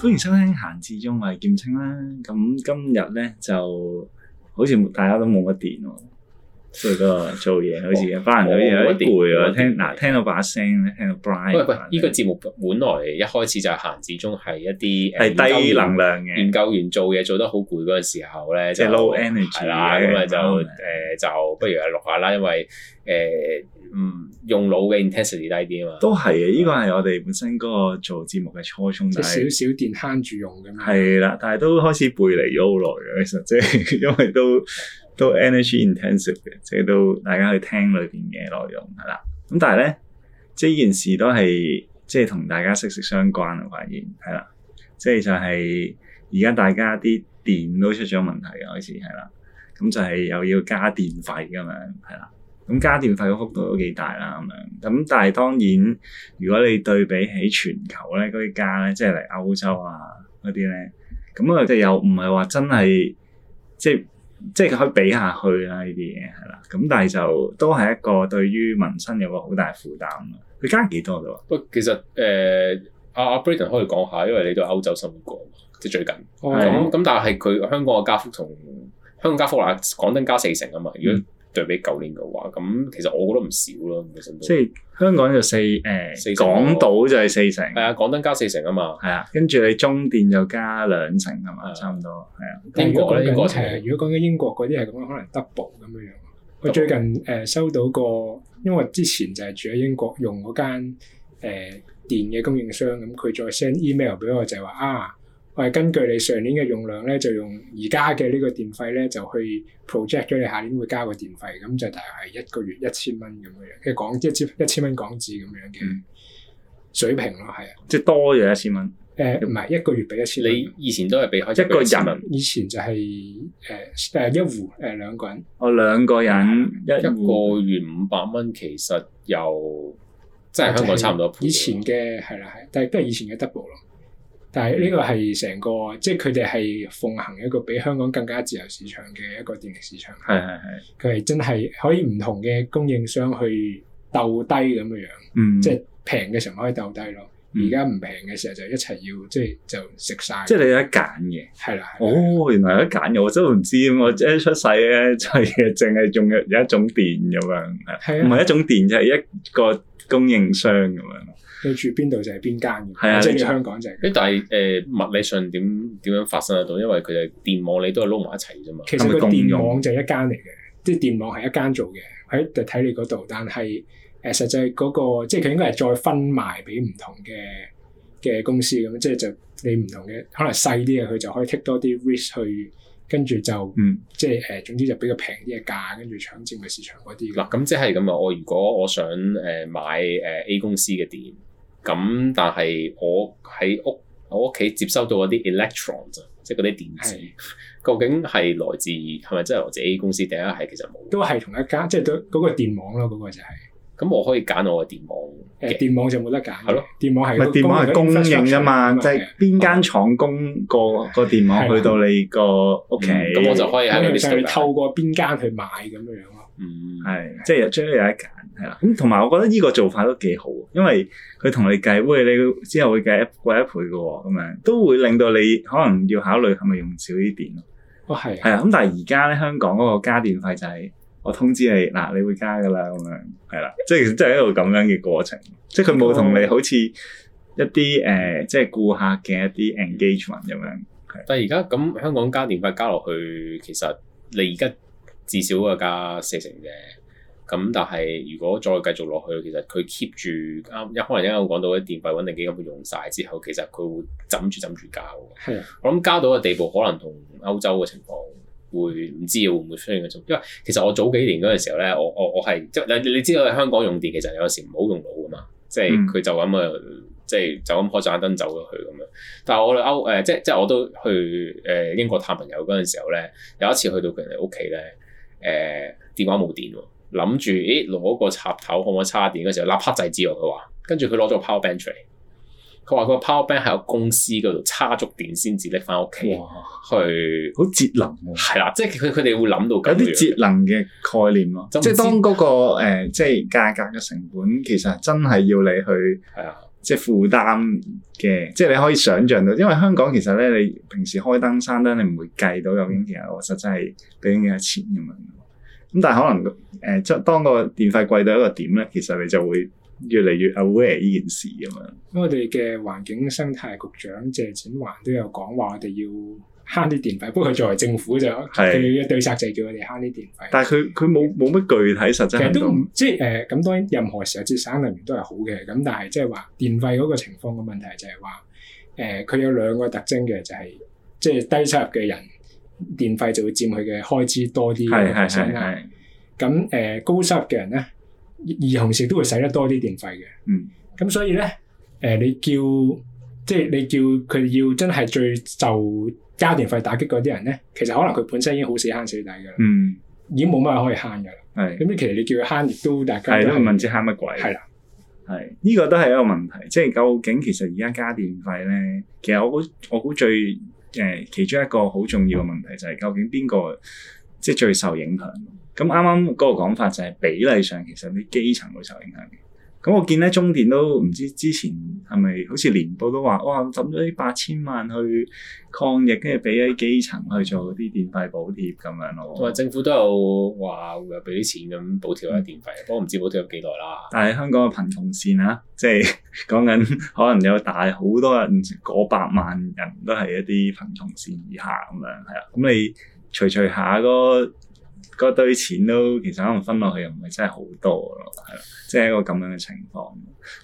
歡迎收聽《閒置中》咪劍青啦，咁今日呢，就好似大家都冇乜電喎。所以嗰做嘢好似，一班人似一啲攰啊！聽嗱，聽到把聲，聽到 Brian。喂喂，依個節目本來一開始就行始終係一啲係低能量嘅研究員做嘢做得好攰嗰個時候咧，即係 low energy 嘅。係啦，咁咪就誒就不如係錄下啦，因為誒嗯用腦嘅 intensity 低啲啊嘛。都係啊。呢個係我哋本身嗰個做節目嘅初衷，就係少少電慳住用嘅。係啦，但係都開始背離咗好耐嘅，其實即係因為都。都 energy intensive 嘅，即係都大家去聽裏邊嘅內容係啦。咁但係咧，即呢件事都係即係同大家息息相關啊。我發現係啦，即係就係而家大家啲電都出咗問題啊，開始係啦。咁就係又要加電費咁樣係啦。咁加電費嗰幅度都幾大啦咁樣。咁但係當然，如果你對比起全球咧嗰啲加咧，即係嚟歐洲啊嗰啲咧，咁啊即又唔係話真係即係。即係佢可以畀下去啦，呢啲嘢係啦，咁但係就都係一個對於民生有個好大負擔咯。佢加幾多嘅喎？不過，其實誒阿阿布雷頓可以講下，因為你都喺歐洲生活過，即係最近。咁咁、哦，但係佢香港嘅加幅同香港加幅啊，港燈加四成啊嘛。如果對比舊年嘅話，咁其實我覺得唔少咯，其實即係香港就四誒，四港島就係四成，係啊，港燈加四成啊嘛，係啊的，跟住你中電又加兩成啊嘛，的差唔多係啊。英國嗰啲如果講緊英國嗰啲係咁，可能 double 咁樣樣。麼我最近誒、呃、收到個，因為之前就係住喺英國用嗰間誒電嘅供應商，咁佢再 send email 俾我就話、係、啊。我係根據你上年嘅用量咧，就用而家嘅呢個電費咧，就去 project 咗你下年會交嘅電費，咁就大概係一個月一千蚊咁樣。即係講一千一千蚊港紙咁樣嘅水平咯，係啊，即係多咗一千蚊。誒唔係一個月俾一千。你以前都係俾開 1, 一個人，以前就係誒誒一戶誒、呃、兩個人。我、哦、兩個人、嗯、一個月五百蚊，嗯、元其實又即係香港差唔多。以前嘅係啦，係，但係都係以前嘅 double 咯。但係呢個係成個，即係佢哋係奉行一個比香港更加自由市場嘅一個電力市場。係係係，佢係真係可以唔同嘅供應商去鬥低咁樣，嗯、即係平嘅時候可以鬥低咯。而家唔平嘅時候就一齊要，即係就食晒。即係你有得揀嘅。係啦的。哦，的原來有得揀嘅，我真唔知。我一出世咧就淨係用有一種電咁樣，唔係一種電，就係、是、一個供應商咁樣。你住邊度就係邊間嘅，係啊，即係你香港就係。誒，但係誒物理上點點樣發生得到？因為佢就係電網，你都係撈埋一齊啫嘛。其實佢電網就係一間嚟嘅，即係電網係一間做嘅，喺睇你嗰度。但係誒、呃、實際嗰、嗰個，即係佢應該係再分埋俾唔同嘅嘅公司咁，即係就你唔同嘅可能細啲嘅，佢就可以 take 多啲 risk 去，跟住就，嗯、即係誒、呃、總之就比較平啲嘅價，跟住搶佔嘅市場嗰啲。嗱、嗯，咁即係咁啊！我如果我想誒買誒 A 公司嘅電。咁、嗯、但係我喺屋我屋企接收到嗰啲 electron 啫，即係嗰啲電子，的究竟係來自係咪真係來自 A 公司？第一係其實冇，都係同一間即係對嗰個電網咯，嗰個就係、是、咁我可以揀我嘅電網，誒、嗯、電網就冇得揀，係咯的，電網係電網係供應㗎嘛，即係邊間廠供個個電網去到你個屋企，咁是的、 嗯、我就可以喺嗰啲。就係透過邊間去買咁樣樣。嗯，係，即係有，最多有得揀，係啦。咁同埋，我覺得呢個做法都幾好，因為佢同你計，喂，你之後會計過一倍嘅，咁樣都會令到你可能要考慮係咪用少啲電哦，係。係啊的，咁但係而家咧，香港嗰個加電費就係我通知你嗱、嗯啊，你會加噶啦，咁、即係即係、樣係啦，即係即係一個咁樣嘅過程，嗯、即係佢冇同你好似一啲誒，即係顧客嘅一啲 engagement 咁樣。但係而家咁香港加電費加電費加落去，其實你而家。至少個加四成嘅，咁但係如果再繼續落去，其實佢 keep 住啱，一可能一陣講到啲電費穩定基金會用晒之後，其實佢會枕住枕住交。係的，我諗交到嘅地步，可能同歐洲嘅情況會唔知會唔會出現咁，因為其實我早幾年嗰陣時候咧，我我我係即係你你知道喺香港用電，其實有時唔好用腦㗎嘛，即係佢就咁啊，嗯、即係就咁開咗一盞燈走咗去咁樣。但係我哋歐誒，即係即係我都去誒英國探朋友嗰陣時候咧，有一次去到佢哋屋企咧。誒、嗯、電話冇電喎，諗住咦攞個插頭可唔可以插電嗰時候，立黑制住我。佢話，跟住佢攞咗個 Power Bank 出嚟，佢話個 Power Bank 喺個公司嗰度插足電先至拎翻屋企。哇，去好節能喎。啦、啊，即係佢佢哋會諗到有啲節能嘅概念咯、啊。即係當嗰、那個即係、呃就是、價格嘅成本其實真係要你去係啊。即係負擔嘅，即係你可以想像到，因為香港其實咧，你平時開燈、閂燈，你唔會計到有邊啲嘢，其實我實際係俾幾多錢咁樣。咁但係可能誒，將、呃、當個電費貴到一個點咧，其實你就會越嚟越 aware 呢件事咁樣。咁我哋嘅環境生態局長謝展寰都有講話，我哋要，慳啲電費，不過佢作為政府，就係佢嘅對策就係叫佢哋慳啲電費。但係佢佢冇冇乜具體實質，其實都唔，即係誒，咁、呃、當然任何時候節省能源都係好嘅。咁但係即係話電費嗰個情況嘅問題就係話，誒、呃、佢有兩個特徵嘅、就係，就係即係低收入嘅人電費就會佔佢嘅開支多啲。係係係咁誒高收入嘅人咧，而同時都會使得多啲電費嘅。嗯。咁所以咧，誒、呃、你叫即係你叫佢要真係最就。加電費打擊嗰啲人咧，其實可能佢本身已經好死慳死底㗎喇，嗯，已經冇乜可以慳㗎喇。係咁的，你其實你叫佢慳，亦都大家係都問唔知慳乜鬼。係啦的，係呢、呢個都係一個問題，即係究竟其實而家加電費咧，其實我估我估最誒、呃、其中一個好重要嘅問題就係究竟邊個即係最受影響？咁啱啱嗰個講法就係比例上其實啲基層會受影響嘅。咁我見咧，中電都唔知之前係咪好似年報都話，哇抌咗啲八千萬去抗疫，跟住俾喺基層去做啲電費補貼咁樣咯。同埋、嗯嗯、政府都有話會有俾啲錢咁補貼下電費，不過唔知補貼有幾耐啦。但係香港嘅貧窮線啊，即係講緊可能有大好多人過百萬人都係一啲貧窮線以下咁樣，係啊。咁你除除下個。個堆錢都其實可能分落去又唔係真係好多咯，係咯，即係一個咁樣嘅情況。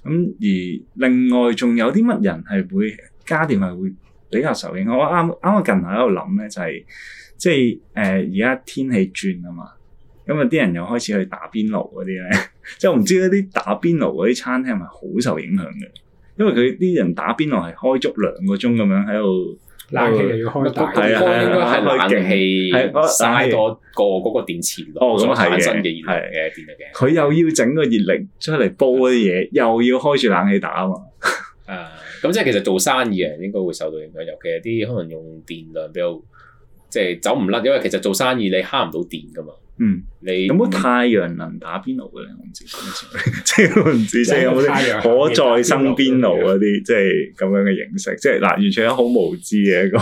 咁而另外仲有啲乜人係會加電係會比較受影響？我啱啱啊近排喺度諗咧，就係、是、即係誒而家天氣轉啊嘛，咁啊啲人又開始去打邊爐嗰啲咧， 即係我唔知嗰啲打邊爐嗰啲餐廳係咪好受影響嘅？因為佢啲人打邊爐係開足兩個鐘咁樣喺度。冷氣又要開大，應該係冷氣曬個個嗰個電池,個電池哦咁係新嘅熱力嘅、哦、電力池嘅。佢的又要整個熱力出嚟煲啲嘢，的又要開住冷氣打啊嘛。誒、 啊，咁即係其實做生意啊應該會受到影響，尤其係啲可能用電量比較即係、就是、走唔甩，因為其實做生意你慳唔到電㗎嘛。嗯，你有冇太陽能打邊爐嘅咧？我唔知，即係都唔知，即係 太陽可再生邊爐嗰啲，即係咁樣嘅形式，即係嗱，完全好無知嘅一個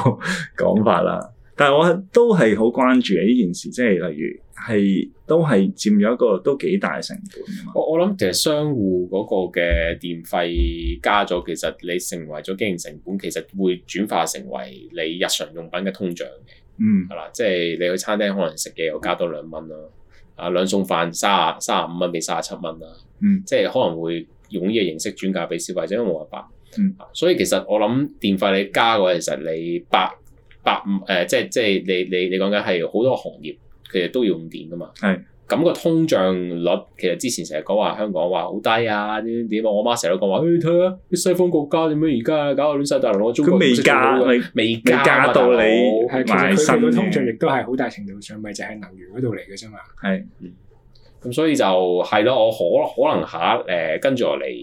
講法啦。嗯、但係我都係好關注嘅呢件事，即係例如係都係佔咗一個都幾大成本噶嘛。我我諗其實商戶嗰個嘅電費加咗，其實你成為咗經營成本，其實會轉化成為你日常用品嘅通脹。嗯，係啦，即係你去餐廳可能食嘢又加多兩蚊啦，兩送飯30，啊兩餸飯卅卅五蚊變卅七蚊啦，嗯，mm. 即係可能會用呢個形式轉嫁俾消費者，因為我話白，嗯，mm. 所以其實我諗電費你加嘅話，其實你百百五誒，即係即係你你你講緊係好多行業，其實都要用電噶嘛，係。咁個通脹率其實之前成日講話香港話好低啊點點點啊！我媽成日都講話，睇下啲西方國家點樣而家搞個亂世大流攞中國都唔佢未加未加到你。係我其實佢哋嘅的通脹亦都係好大程度上，咪就係、是、能源嗰度嚟嘅啫嘛。係的，咁、嗯、所以就係咯，我可可能下一跟住嚟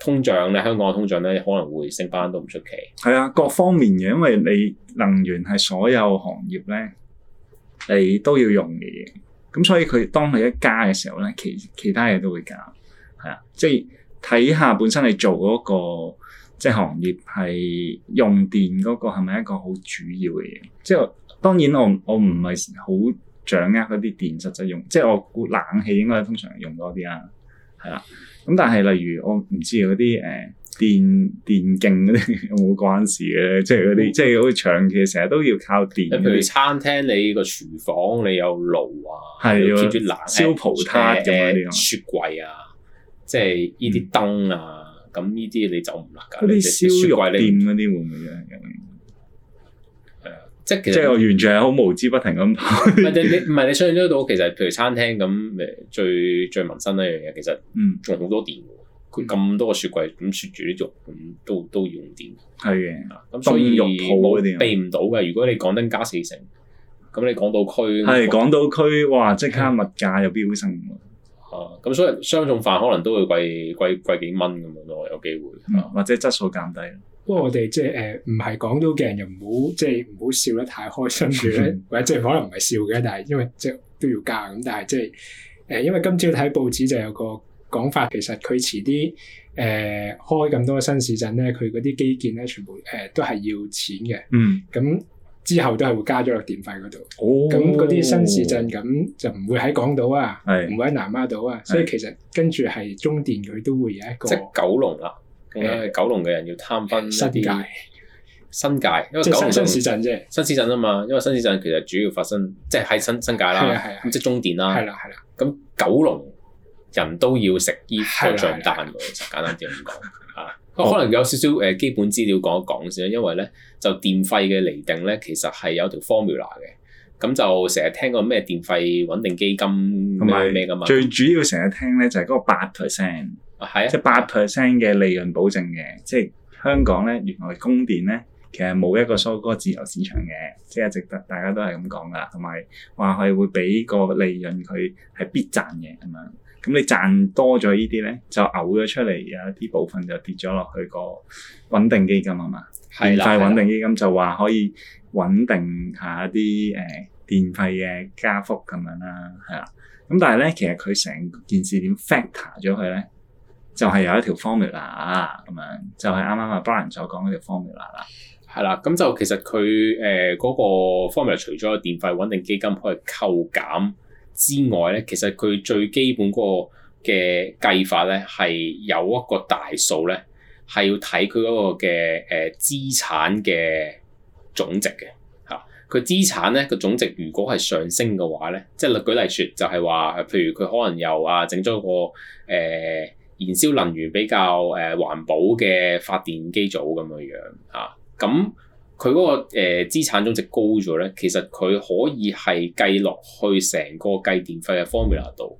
通脹咧，香港嘅通脹咧可能會升翻都唔出奇。係啊，各方面嘅，因為你能源係所有行業咧，你都要用嘅嘢。咁、嗯、所以佢當佢一加嘅時候咧，其其他嘢都會加，係啊，即係睇下本身你做嗰、嗰個即係行業係用電嗰個係咪一個好主要嘅嘢？即係當然我我唔係好掌握嗰啲電實際用，即係我估冷氣應該通常用多啲啦，係啦。咁但係例如我唔知嗰啲誒。呃電電競嗰啲有冇關事咧？即係嗰啲，即係好似長期成日都要靠電。譬如餐廳，你個廚房你有爐啊，要 keep 住冷，啊、燒葡撻嘅雪櫃啊，即係呢啲燈啊，咁呢啲你走唔甩㗎。嗰啲燒肉店嗰啲會唔會啫？係啊、嗯，即係即係我完全係好無知不 不，不停咁，唔係你唔係你想象得到，其實譬如餐廳咁，誒，最最民生一樣嘢，其實仲有好多電。咁多個雪櫃咁雪住啲肉，咁都都用電，係嘅的。咁所以冇避唔到嘅。如果你港燈加四成，咁你港島區係港島區，哇！即刻物價又飆升，咁所以雙重飯可能都會貴貴貴幾蚊咁咯，有機會，啊、或者質素減低。不過我哋即係誒，唔係港島嘅人又唔好，即係唔好笑得太開心，或者 或者即係可能唔係笑嘅，但係因為即係都要加咁，但係即係誒，因為今朝睇報紙就有個。講法其實佢遲啲誒開咁多新市鎮咧，佢嗰啲基建咧，全部誒都係要錢嘅。嗯。咁之後都係會加咗個電費嗰度。哦。咁嗰啲新市鎮咁就唔會喺港島啊，唔會喺南丫島啊，所以其實跟住係中電佢都會有一個。即九龍啦，九龍嘅人要貪分新界。新界，因為九龍新市鎮啫。新市鎮啊嘛，因為新市鎮其實主要發生即係喺新新界啦，係啊，即係中電啦，係啦，係啦，咁九龍。人都要食呢個帳單喎， 其實簡單啲咁講啊！可能有少少誒基本資料講一講先，因為咧就電費嘅釐定咧，其實係有條 formula 嘅。咁就成日聽過咩電費穩定基金咩咩㗎嘛？最主要成日聽咧就係、係、嗰個八 percent，即係八 percent 嘅利潤保證嘅。即係香港咧，原來供電咧其實冇一個 so-called 自由市場嘅，即係值得大家都係咁講㗎。同埋話係會俾個利潤佢係必賺嘅咁樣。咁你賺多咗依啲咧，就嘔咗出嚟，有一啲部分就跌咗落去個穩定基金啊嘛，係啦，電費穩定基金就話可以穩定一下一啲誒、呃、電費嘅加幅咁樣啦，係啦。咁但係咧，其實佢成件事點 factor 咗佢咧，就係、係、有一條 formula 啊，咁樣就係啱啱阿 Brian 所講嗰條 formula 啦。係啦，咁就其實佢誒嗰個 formula 除咗個電費穩定基金可以扣減之外咧，其實佢最基本嗰個嘅計法咧，係有一個大數咧，係要睇佢嗰個嘅誒資產嘅總值嘅嚇。佢、啊、資產咧個總值如果係上升嘅話咧，即係例舉例説就係、是、話，譬如佢可能又啊整咗個誒、呃、燃燒能源比較誒、呃、環保嘅發電機組咁樣樣啊咁。佢嗰、那個誒、呃、資產總值高咗咧，其實佢可以係計落去成個計電費嘅 formula 度。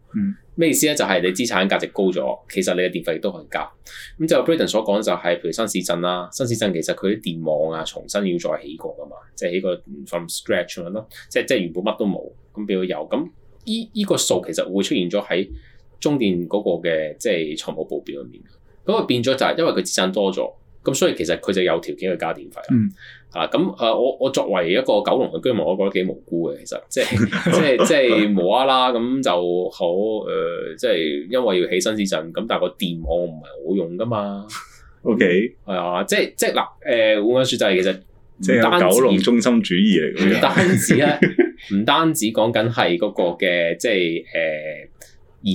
咩、嗯、意思咧？就係、是、你資產價值高咗，其實你嘅電費亦都可以加。咁就 Braden 所講就係，譬如新市鎮啦，新市鎮其實佢啲電網啊重新要再起過噶嘛，即係起個 from scratch 咁咯，即係即係原本乜都冇，咁變咗有。咁依依個數其實會出現咗喺中電嗰個嘅即係財務報表入面。咁啊變咗就係因為佢資產多咗。咁所以其實佢就有條件去加電費啦，嚇咁誒我我作為一個九龍嘅居民，我覺得幾無辜嘅其實。就是、 即係即係即係無啦啦咁就好誒、呃，即係因為要起新市鎮，咁但係個電網唔係好用噶嘛，OK 係啊，即係即係嗱誒換句説就係其實即係九龍中心主義嚟嘅。唔單止咧，唔 單止講緊係嗰個嘅即係誒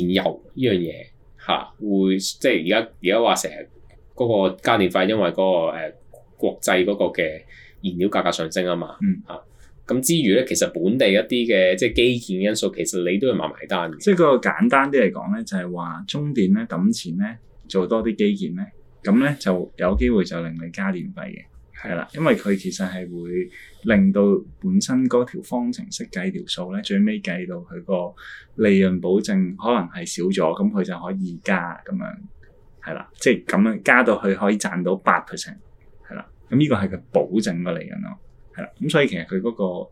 燃油呢樣嘢嚇，會即係而家而家話成日。嗰個加電費，因為嗰、那個誒、呃、國際嗰個嘅燃料價格上升、嗯、啊嘛，啊咁之餘咧，其實本地一啲嘅即係基建因素，其實你都要埋埋單嘅。即係嗰個簡單啲嚟講咧，就係、是、話中電咧揼錢咧做多啲基建咧，咁咧就有機會就令你加電費嘅，係啦，的因為佢其實係會令到本身嗰條方程式計條數咧，最尾計到佢個利潤保證可能係少咗，咁佢就可以加咁樣。係啦，即係咁樣加到佢可以賺到八 percent，係啦。咁呢個係佢保證嘅利潤咯，係啦。咁所以其實佢嗰個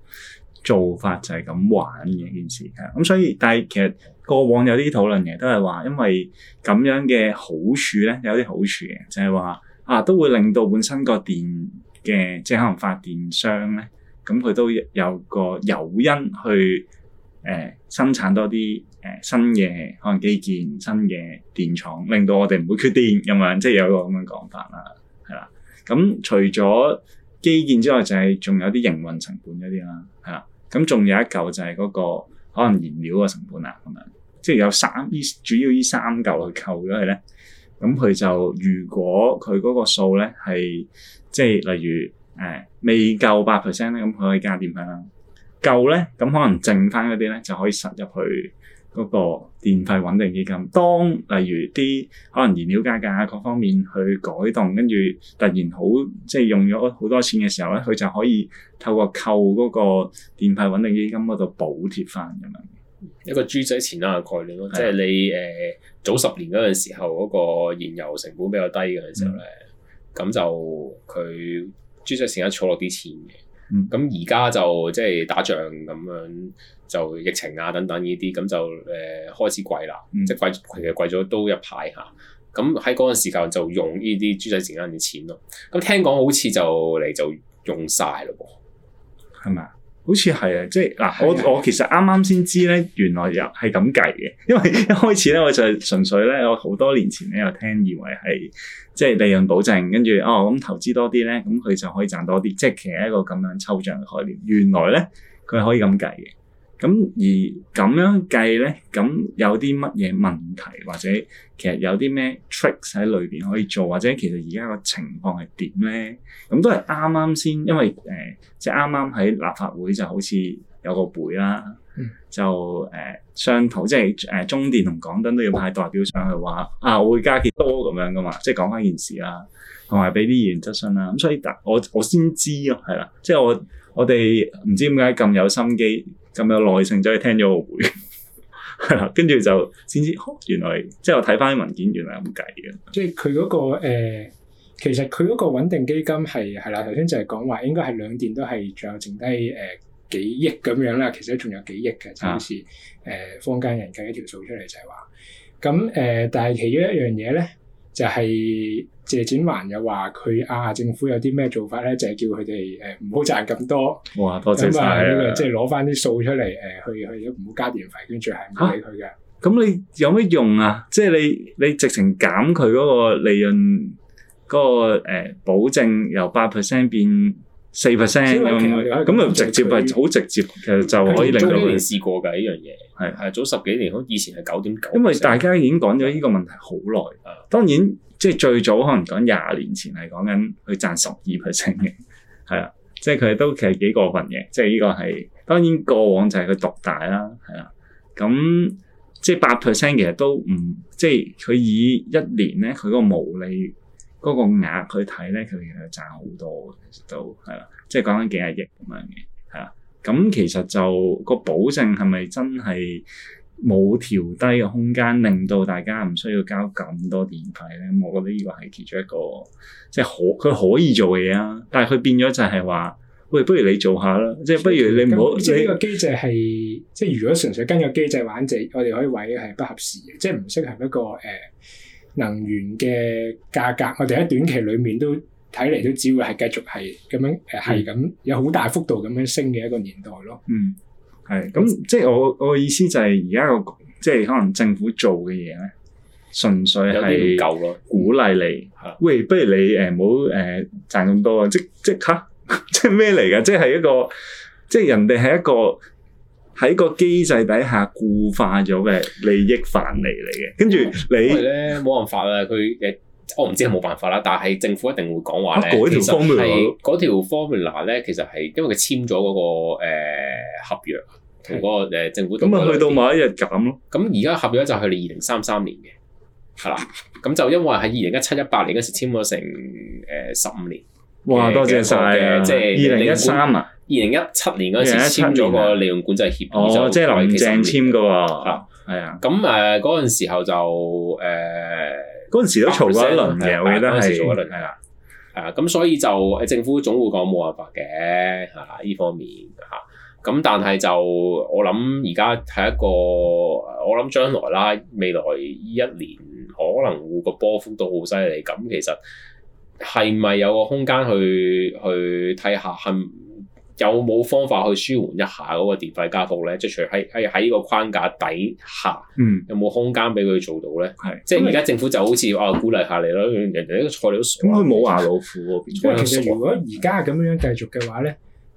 做法就係咁玩嘅件事，係咁所以，但係其實過往有啲討論嘅都係話，因為咁樣嘅好處咧，有啲好處嘅，就係話啊，都會令到本身個電嘅，即係可能發電商咧，咁佢都有個誘因去。誒、呃、生產多啲誒、呃、新嘅可能基建、新嘅電廠，令到我哋唔會缺電咁樣，即係有一個咁嘅講法啦，係啦。咁、嗯、除咗基建之外，就係、是、仲有啲營運成本嗰啲啦，係啦。咁、嗯、仲有一嚿就係嗰、那個可能燃料嘅成本啊，咁樣即係有三呢主要呢三嚿去扣咗係咧。咁佢就如果佢嗰個數咧係即係例如誒、嗯、未夠八 percent 咧，咁佢可以加電費啦。夠咧，咁可能剩翻嗰啲咧就可以實入去嗰個電費穩定基金。當例如啲可能燃料價格各方面去改動，跟住突然好即係用咗好多錢嘅時候咧，佢就可以透過扣嗰個電費穩定基金嗰度補貼翻咁樣。一個豬仔錢啊概念咯，即係的你誒、呃、早十年嗰陣時候嗰個燃油成本比較低嘅時候咧，咁、嗯、就佢豬仔錢而家儲落啲錢嘅。咁而家就即係打仗咁樣，就疫情啊等等呢啲，咁就誒開始貴啦，即係、嗯、貴其實貴咗都一排下。咁喺嗰陣時間那那時就用呢啲豬仔時間嘅錢咯。咁聽講好似就嚟就用晒咯喎，係咪啊？好似係啊，即係嗱，我我其實啱啱先知咧，原來又係咁計嘅，因為一開始咧我就純粹咧，我好多年前咧有聽以為係即係利潤保證，跟住哦咁、嗯、投資多啲咧，咁佢就可以賺多啲，即係其實一個咁樣抽象嘅概念。原來咧佢可以咁計嘅。咁而咁樣計咧，咁有啲乜嘢問題，或者其實有啲咩 tricks 喺裏邊可以做，或者其實而家個情況係點咧？咁都係啱啱先，因為誒，即係啱啱喺立法會就好似有個會啦，嗯、就誒、呃、商討，即係誒中電同港燈都要派代表上去話啊，我會加幾多咁樣噶嘛，即係講翻件事啦，同埋俾啲議員質詢啦，咁所以我我先知咯，係啦，即係我。我哋唔知點解咁有心機、咁有耐性走去聽咗個會，跟 住 就先知，哦，原來即係我睇翻啲文件，原來咁計嘅。即係佢嗰個、呃、其實佢嗰個穩定基金係係啦，頭先就係講話應該係兩電都係仲有剩低誒幾億咁樣啦。其實仲有幾億嘅，就好似誒坊間人計一條數出嚟就係話，咁誒、呃，但係其中一樣嘢咧就係、是。謝展寰又話佢啊，政府有啲咩做法咧？就係、是、叫佢哋誒唔好賺咁多，咁啊，即係攞翻啲數出嚟誒，去去唔好加電費，跟住係唔理佢嘅。咁你有咩用啊？即係你你直情減佢嗰個利潤嗰個保證由，由八 percent 變四 percent 咁啊，直接係好直接，其實就，就可以令到佢試過㗎呢樣嘢。係係早十幾年，好以前係九點九。是因為大家已經講咗呢個問題好耐啊，當然。即係最早可能講廿年前係講緊佢賺十二 percent 嘅，係 啦，即係佢都其實幾過分嘅。即係呢個係當然過往就係佢獨大啦，係啦。咁即係八 percent 其實都唔即係佢以一年咧，佢個毛利嗰個額去睇咧，佢其實賺好多其實，都係啦。即係講緊幾廿億咁樣嘅，係啦。咁其實就個保證係咪真係？冇調低嘅空間，令到大家唔需要交咁多電費咧。我覺得呢個係其中一個，即係可佢可以做嘅嘢啦。但係佢變咗就係話，喂，不如你做下啦。嗯、即係不如你唔好即呢個機制係，即係如果純粹跟個機制玩，就我哋可以話係不合時，即係唔適合一個誒、呃、能源嘅價格。我哋喺短期裡面都睇嚟都只會係繼續係咁樣誒，係咁有好大幅度咁樣升嘅一個年代咯。嗯。係咁，即係我我嘅意思就係而家個即係可能政府做嘅嘢咧，純粹係鼓勵你，喂，不如你誒唔好誒賺咁多，即即吓，即係咩嚟㗎？即係一個，即係人哋係一個喺個機制底下固化咗嘅利益泛嚟嚟嘅。跟住你咧冇、啊、辦法啦，佢誒，我唔知係冇辦法啦，但係政府一定會講話咧。其實係嗰條 formula，嗰條 formula 咧，其實係因為佢簽咗嗰個誒、呃、合約。同嗰個政府咁啊，去到某一日減咯。咁而家合約就係二零三三年嘅，係啦。咁就因為喺二零一七一八年嗰時簽咗成誒十五年。哇！多謝晒！即係二零一三啊，二零一七年嗰時簽咗個《利潤管制協議》哦、就正、是、簽嘅喎。係啊了，咁誒嗰陣時候就誒，嗰、呃、陣時都嘈咗一輪嘅，我記得係。係啦，係啊，咁所以就誒政府總會講冇辦法嘅嚇，呢方面嚇。咁但係就我諗而家係一個，我諗將來啦，未來依一年可能會個波幅都好犀利。咁其實係咪有個空間去去睇下，係有冇方法去舒緩一下嗰個電費加幅咧？即係除喺喺喺呢個框架底下，嗯，有冇空間俾佢做到咧？係即係而家政府就好似啊，鼓勵下你咯，人哋呢啲菜料，咁佢冇牙老虎喎，因其實如果而家咁樣樣繼續嘅話咧。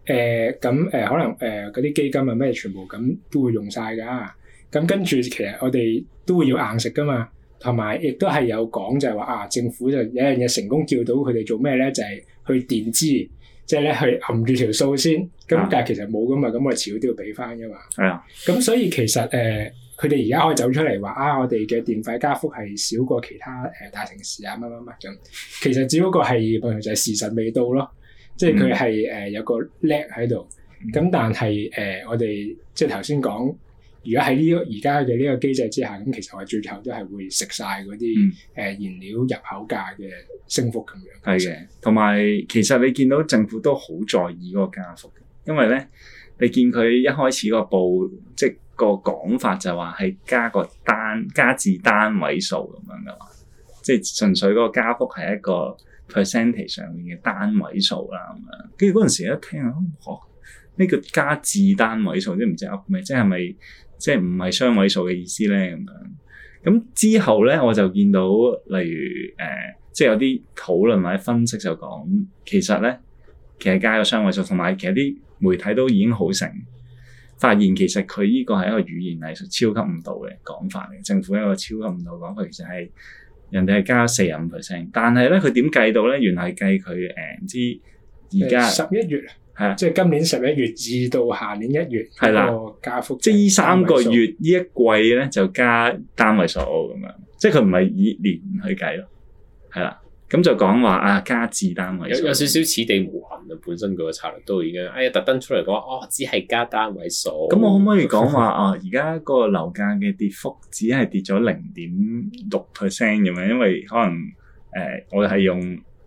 誒咁誒可能誒嗰啲基金啊咩全部咁都會用晒㗎，咁、啊、跟住其實我哋都會要硬食㗎嘛，同埋亦都係有講就係話啊，政府就有一樣嘢成功叫到佢哋做咩咧？就係、是、去電資，即係咧去含住條數先。咁、啊、但係其實冇㗎嘛，咁我哋遲早都要俾翻㗎嘛。係啊，咁、啊啊、所以其實誒佢哋而家可以走出嚟話啊，我哋嘅電費加幅係少過其他誒、呃、大城市啊，乜乜乜咁，其實只不過係就係時辰未到咯。即係佢係誒有個叻喺度，咁但係誒我哋即係頭先講，如果喺呢個而家嘅呢個機制之下，咁其實我哋最後都係會食晒嗰啲誒燃料入口價嘅升幅咁樣。係嘅，同埋其實你見到政府都好在意嗰個加幅，因為咧你見佢一開始個報即係、就是、個講法就話係加個單加字單位數咁樣噶嘛，即、就、係、是、純粹嗰個加幅係一個。percentage 上面嘅單位數啦，咁樣跟住嗰陣時一聽啊，呢、呢個加字單位數即唔知乜，即係咪即係唔係雙位數嘅意思咧？咁樣咁之後咧，我就見到例如誒，即、呃、係、就是、有啲討論或者分析就講，其實咧其實加個雙位數，同埋其實啲媒體都已經好成，發現其實佢呢個係一個語言藝術，超級誤導嘅講法嚟，政府一個超級誤導講法，其實係。人哋係加四十五 percent，但係咧佢點計到咧？原來係計佢唔知而家十一月係啊，即係今年十一月至到下年一月個、啊、加幅，即係呢三個月呢一季咧就加單位數咁樣，即係佢唔係以年去計咯，係啦、啊。咁就講話啊，加字單位有有少少此地無銀。啊，本身個策略都已經哎呀，特登出嚟講哦，只係加單位數。咁 我可唔可以講話啊？而家個樓價嘅跌幅只係跌咗零點六 percent 咁樣，因為可能誒、呃，我係用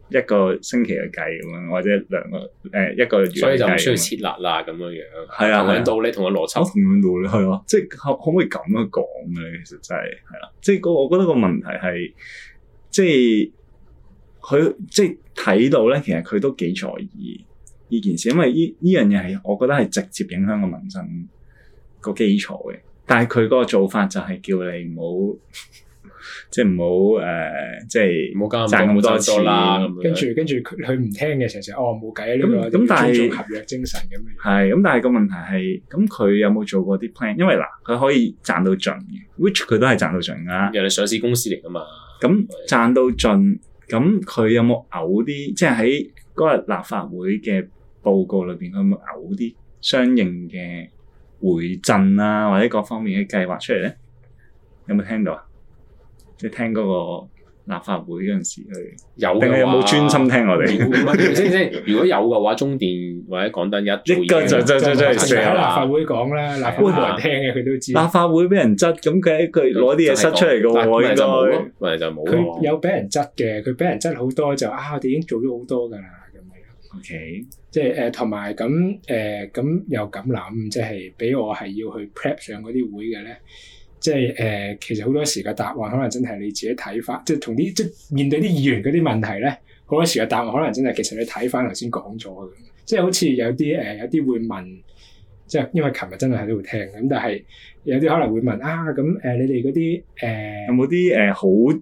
一個星期嘅計咁樣，或者兩個誒、呃、一個月。所以就需要設立啦咁樣樣。係啊，揾到你同個邏輯揾到咧係啊，即係可唔可，可，可，可以咁樣講咧？其實真係係啦，即係個我覺得個問題係即係。佢即係睇到咧，其實佢都幾在意呢件事，因為呢呢樣嘢係我覺得係直接影響個民生個基礎嘅。但係佢個做法就係叫你唔好，即係唔好誒，即係賺咁多錢。多啦咁樣，跟住跟住佢佢唔聽嘅時候哦，冇計啦，咁咁但係合約精神咁樣。係咁，但係個問題係，咁佢有冇做過啲 plan？因為嗱，佢可以賺到盡嘅，which 佢都係賺到盡啦。因為上市公司嚟噶嘛，咁賺到盡。那咁佢有冇嘔啲，即係喺嗰日立法會嘅報告裏邊，佢有冇嘔啲相應嘅回贈啊，或者各方面嘅計劃出嚟咧？有冇聽到啊？你聽嗰、嗰個？立法會嗰陣時，佢有嘅話，你有冇專心聽我哋？唔知唔知，如果有嘅話，中電或者港燈一，一個就真真真係衰啦。立法會講啦，立法會嚟聽嘅佢都知。立法會俾人質，咁佢佢攞啲嘢質出嚟嘅喎，應該。咪就冇。佢有俾人質嘅，佢俾人質好多就啊，我哋已經做咗好多㗎喇，咁樣。OK，即係誒，同埋咁誒咁又咁諗，即係俾我係要去 prep 上嗰啲會嘅咧。即係誒，其實好多時嘅答案可能真係你自己睇返，即係同啲即係面對啲議員嗰啲問題咧，好多時嘅答案可能真係其實你睇翻頭先講咗嘅，即係好似有啲誒，有啲會問，即係因為琴日真係喺度聽嘅，咁但係有啲可能會問啊，咁誒，你哋嗰啲誒有冇啲誒好？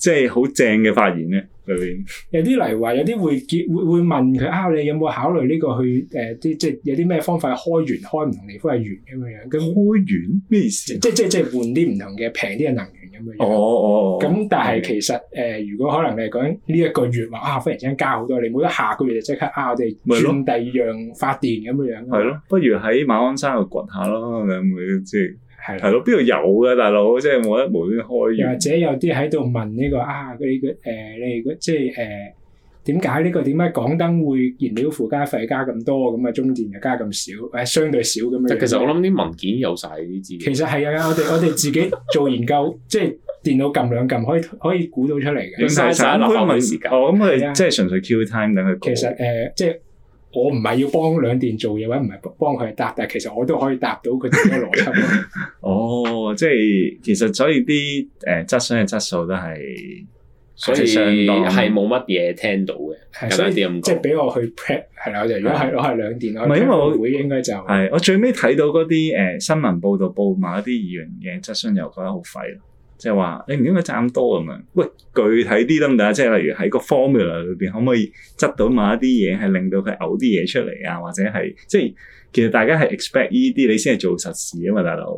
即係好正嘅發言咧裏邊，有啲例話有啲會結會會問佢啊，你有冇考慮呢個去誒啲、呃、即係有啲咩方法開源開唔同地方係圓咁樣樣，咁開源咩意思？即即即換啲唔同嘅平啲嘅能源咁樣樣。哦哦，哦。咁、哦哦、但係其實誒的、呃，如果可能係講呢一個月話啊，忽然之間加好多，你冇得下個月就即刻啊，我哋轉第二樣發電咁樣的樣。係咯，不如喺馬鞍山度掘下咯，你唔會即係。係係咯，邊度有噶大佬？即係冇得無端開。又或者有啲喺度問呢、這個啊？呢個誒，你即係誒，點解呢個點解港燈會燃料附加費加咁多？咁啊，中電又加咁少？誒，相對少咁樣。其實我諗啲文件有晒啲資料。其實係啊，我哋我哋自己做研究， 即係電腦撳兩撳，可以可以估到出嚟嘅。用晒晒落後嘅時間。我諗佢即係純粹 Q time 等佢。其實誒，即係。我唔係要幫兩電做嘢，或者唔係幫佢答，但係其實我都可以答到佢點樣邏輯。 哦，即係其實所以啲誒、呃、質詢嘅質素都係，所以係冇乜嘢聽到嘅。係，所以即係俾我去 prep 係啦。我就如果係我係兩電，唔係因為我會應該就係我，我最尾睇到嗰啲誒新聞報道報埋一啲議員嘅質詢，又覺得好廢咯。即係話你唔應該賺咁多咁樣，喂，具體啲得唔得？即係例如喺個 formula 裏邊，可唔可以執到某一啲嘢係令到佢嘔啲嘢出嚟啊？或者係即係其實大家係 expect 呢啲，你先係做實事啊嘛，大佬。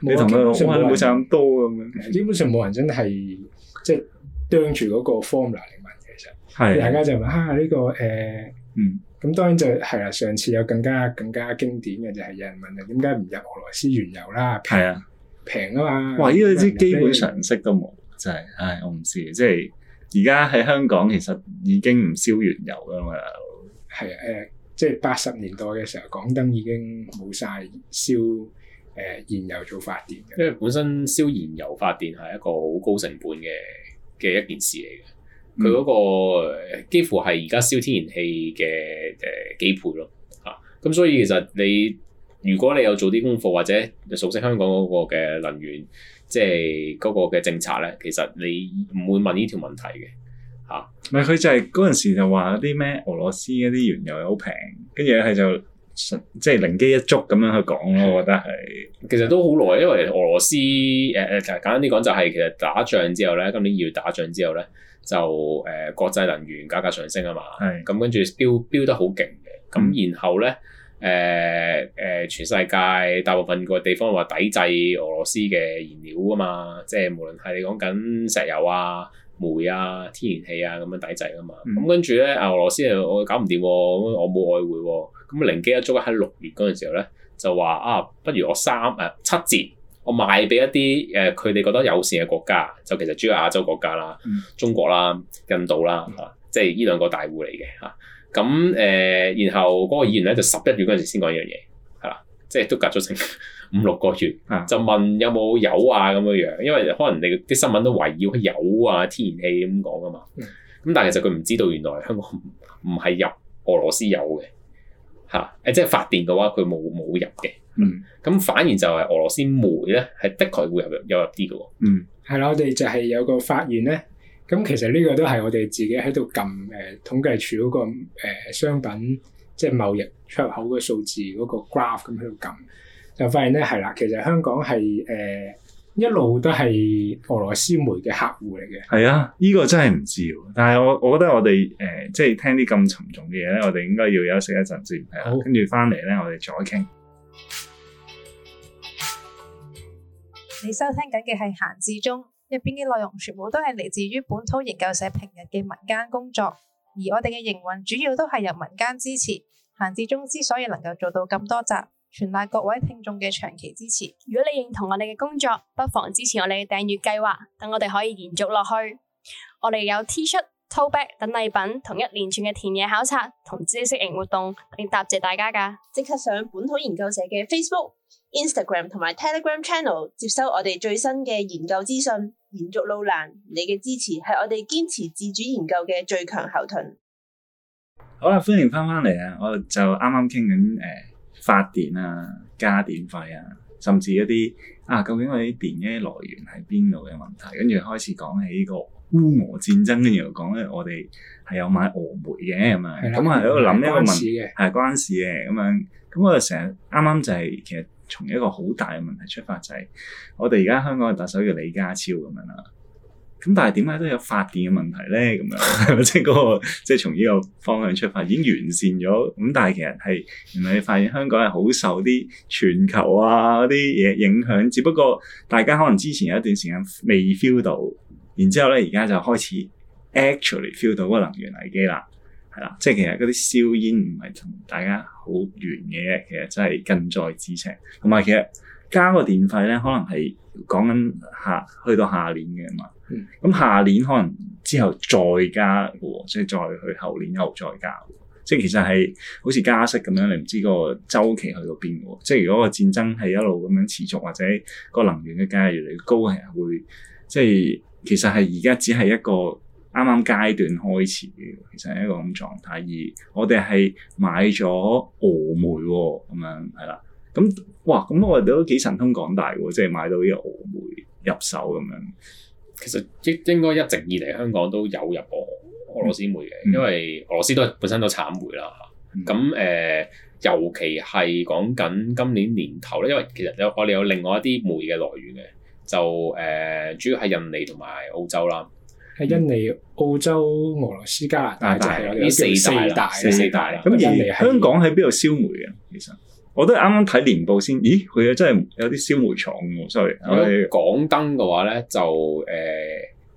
你同佢講，我唔會賺咁多咁樣。基本上冇人、哎、人真係即係釣住嗰個 formula 嚟問嘅，其實係。的大家就問啊，呢、呢個誒、呃、嗯，咁當然就係、是、啦。上次有更加更加經典嘅就係有人問啊，點解唔入俄羅斯原油啦？係啊的。平啊嘛！哇，呢個知基本常識都冇，真係，唉，我唔知，即係而家喺香港其實已經唔燒原油噶啦，係啊、嗯，誒，即係八十年代嘅時候，港燈已經冇晒燒誒燃油做發電嘅，因為本身燒燃油發電係一個好高成本嘅嘅一件事嚟嘅，佢嗰個幾乎係而家燒天然氣嘅誒幾倍咯，嚇、嗯，咁、啊、所以其實你。如果你有做啲功課或者熟悉香港嗰個嘅能源，即係嗰個嘅政策咧，其實你唔會問呢條問題嘅嚇。唔、啊、佢就係嗰陣時就話啲咩俄羅斯嗰啲原油好平，跟住佢就即係靈機一觸咁樣去講咯。我覺得係的其實都好耐，因為俄羅斯誒誒、呃，簡單啲講就係其實打仗之後咧，今年二月打仗之後咧，就誒、呃、國際能源價格上升啊嘛，咁的跟住飆飆得好勁嘅，咁然後咧。嗯誒誒、呃，全世界大部分個地方話抵制俄羅斯嘅燃料啊嘛，即係無論係你講緊石油啊、煤啊、天然氣啊咁樣抵制啊嘛。咁、嗯、跟住咧，啊，俄羅斯我搞唔掂，我冇外匯，咁靈機一觸喺六月嗰陣時候咧，就話啊，不如我三誒、啊、七折，我賣俾一啲誒佢哋覺得友善嘅國家，就其實主要亞洲國家啦、嗯、中國啦、印度啦，嗯、即係呢兩個大戶嚟嘅嚇。咁誒、呃，然後嗰個議員咧就十一月嗰陣時先講一樣嘢，係啦，即係都隔咗成五六個月，啊、就問有冇油啊咁樣樣，因為可能你啲新聞都圍繞油啊、天然氣咁講噶嘛。咁、嗯、但係其實佢唔知道原來香港唔係入俄羅斯油嘅，嚇誒，即係發電嘅話佢冇冇入嘅。咁、嗯、反而就係俄羅斯煤咧係的確會有入有入啲嘅。嗯，係啦，我哋就係有個發現咧。咁其實呢個都係我哋自己喺度撳，誒，統計處嗰個誒、呃、商品即係貿易出口嘅數字嗰個 graph 咁喺度撳，就發現咧係啦，其實香港係誒、呃、一路都係俄羅斯煤嘅客戶嚟嘅。係啊，呢、這個真係唔知。但係我我覺得我哋誒、呃、即係聽啲咁沉重嘅嘢咧，我哋應該要休息一陣先，跟住翻嚟咧，我哋再傾。你收聽緊嘅係閒置中。入邊嘅內容全部都係嚟自於本土研究社平日嘅民間工作，而我哋嘅營運主要都係由民間支持。閒置中之所以能夠做到咁多集，全賴各位聽眾嘅長期支持。如果你認同我哋嘅工作，不妨支持我哋嘅訂閱計劃，等我哋可以延續落去。我哋有 T 恤、Tote Bag 等禮品，同一連串嘅田野考察同知識型活動，嚟答謝大家噶。即刻上本土研究社嘅 Facebook、Instagram 同埋 Telegram Channel，接收我哋最新嘅研究資訊。延續撈難，你嘅支持係我哋堅持自主研究嘅最強後盾。好啦，歡迎翻翻嚟啊！我就啱啱傾緊誒發電啊、加電費啊，甚至一啲啊究竟我哋啲電嘅來源喺邊度嘅問題，跟住開始講起個烏俄戰爭，跟住又講咧我哋係有買俄煤嘅咁啊，咁喺度諗呢個問題，係關事嘅咁樣。咁、嗯、我哋成日啱啱就係、就是、其實。從一個好大嘅問題出發，就係、是、我哋而家香港嘅特首叫李家超咁樣啦。咁但係點解都有發電嘅問題咧？咁樣即係嗰個即係、就是、從呢個方向出發已經完善咗。咁但係其實係原來你發現香港係好受啲全球啊嗰啲嘢影響。只不過大家可能之前有一段時間未 feel 到，然之後咧而家就開始 actually feel 到嗰個能源危機啦。係啦，即係其實嗰啲硝煙唔係同大家好遠嘅，其實真係近在咫尺。同埋其實加個電費咧，可能係講緊下去到下年嘅嘛。咁、嗯、下年可能之後再加喎，即係再去後年又再加嘅。即係其實係好似加息咁樣，你唔知個周期去到邊嘅喎。即係如果個戰爭係一路咁樣持續，或者個能源嘅價越嚟越高，係會即係其實係而家只係一個。啱啱階段開始，其實係一個咁狀態。而我哋係買咗俄煤喎，咁樣係啦。咁哇，咁我哋都幾神通廣大喎，即係買到啲俄煤入手咁樣。其實應應該一直以嚟香港都有入過俄俄羅斯煤嘅，嗯、因為俄羅斯都本身都產煤啦。咁誒、嗯呃，尤其係講緊今年年頭咧，因為其實有我哋有另外一啲煤嘅來源嘅，就誒、呃、主要係印尼同埋澳洲啦。喺印尼、澳洲、俄羅斯、加拿大是就係我哋四大啦，四大啦。咁那而印尼香港喺邊度燒煤嘅？其實我都啱啱睇年報先，咦，佢啊真係有啲燒煤廠喎。Sorry，我哋港燈嘅話咧，就誒、呃、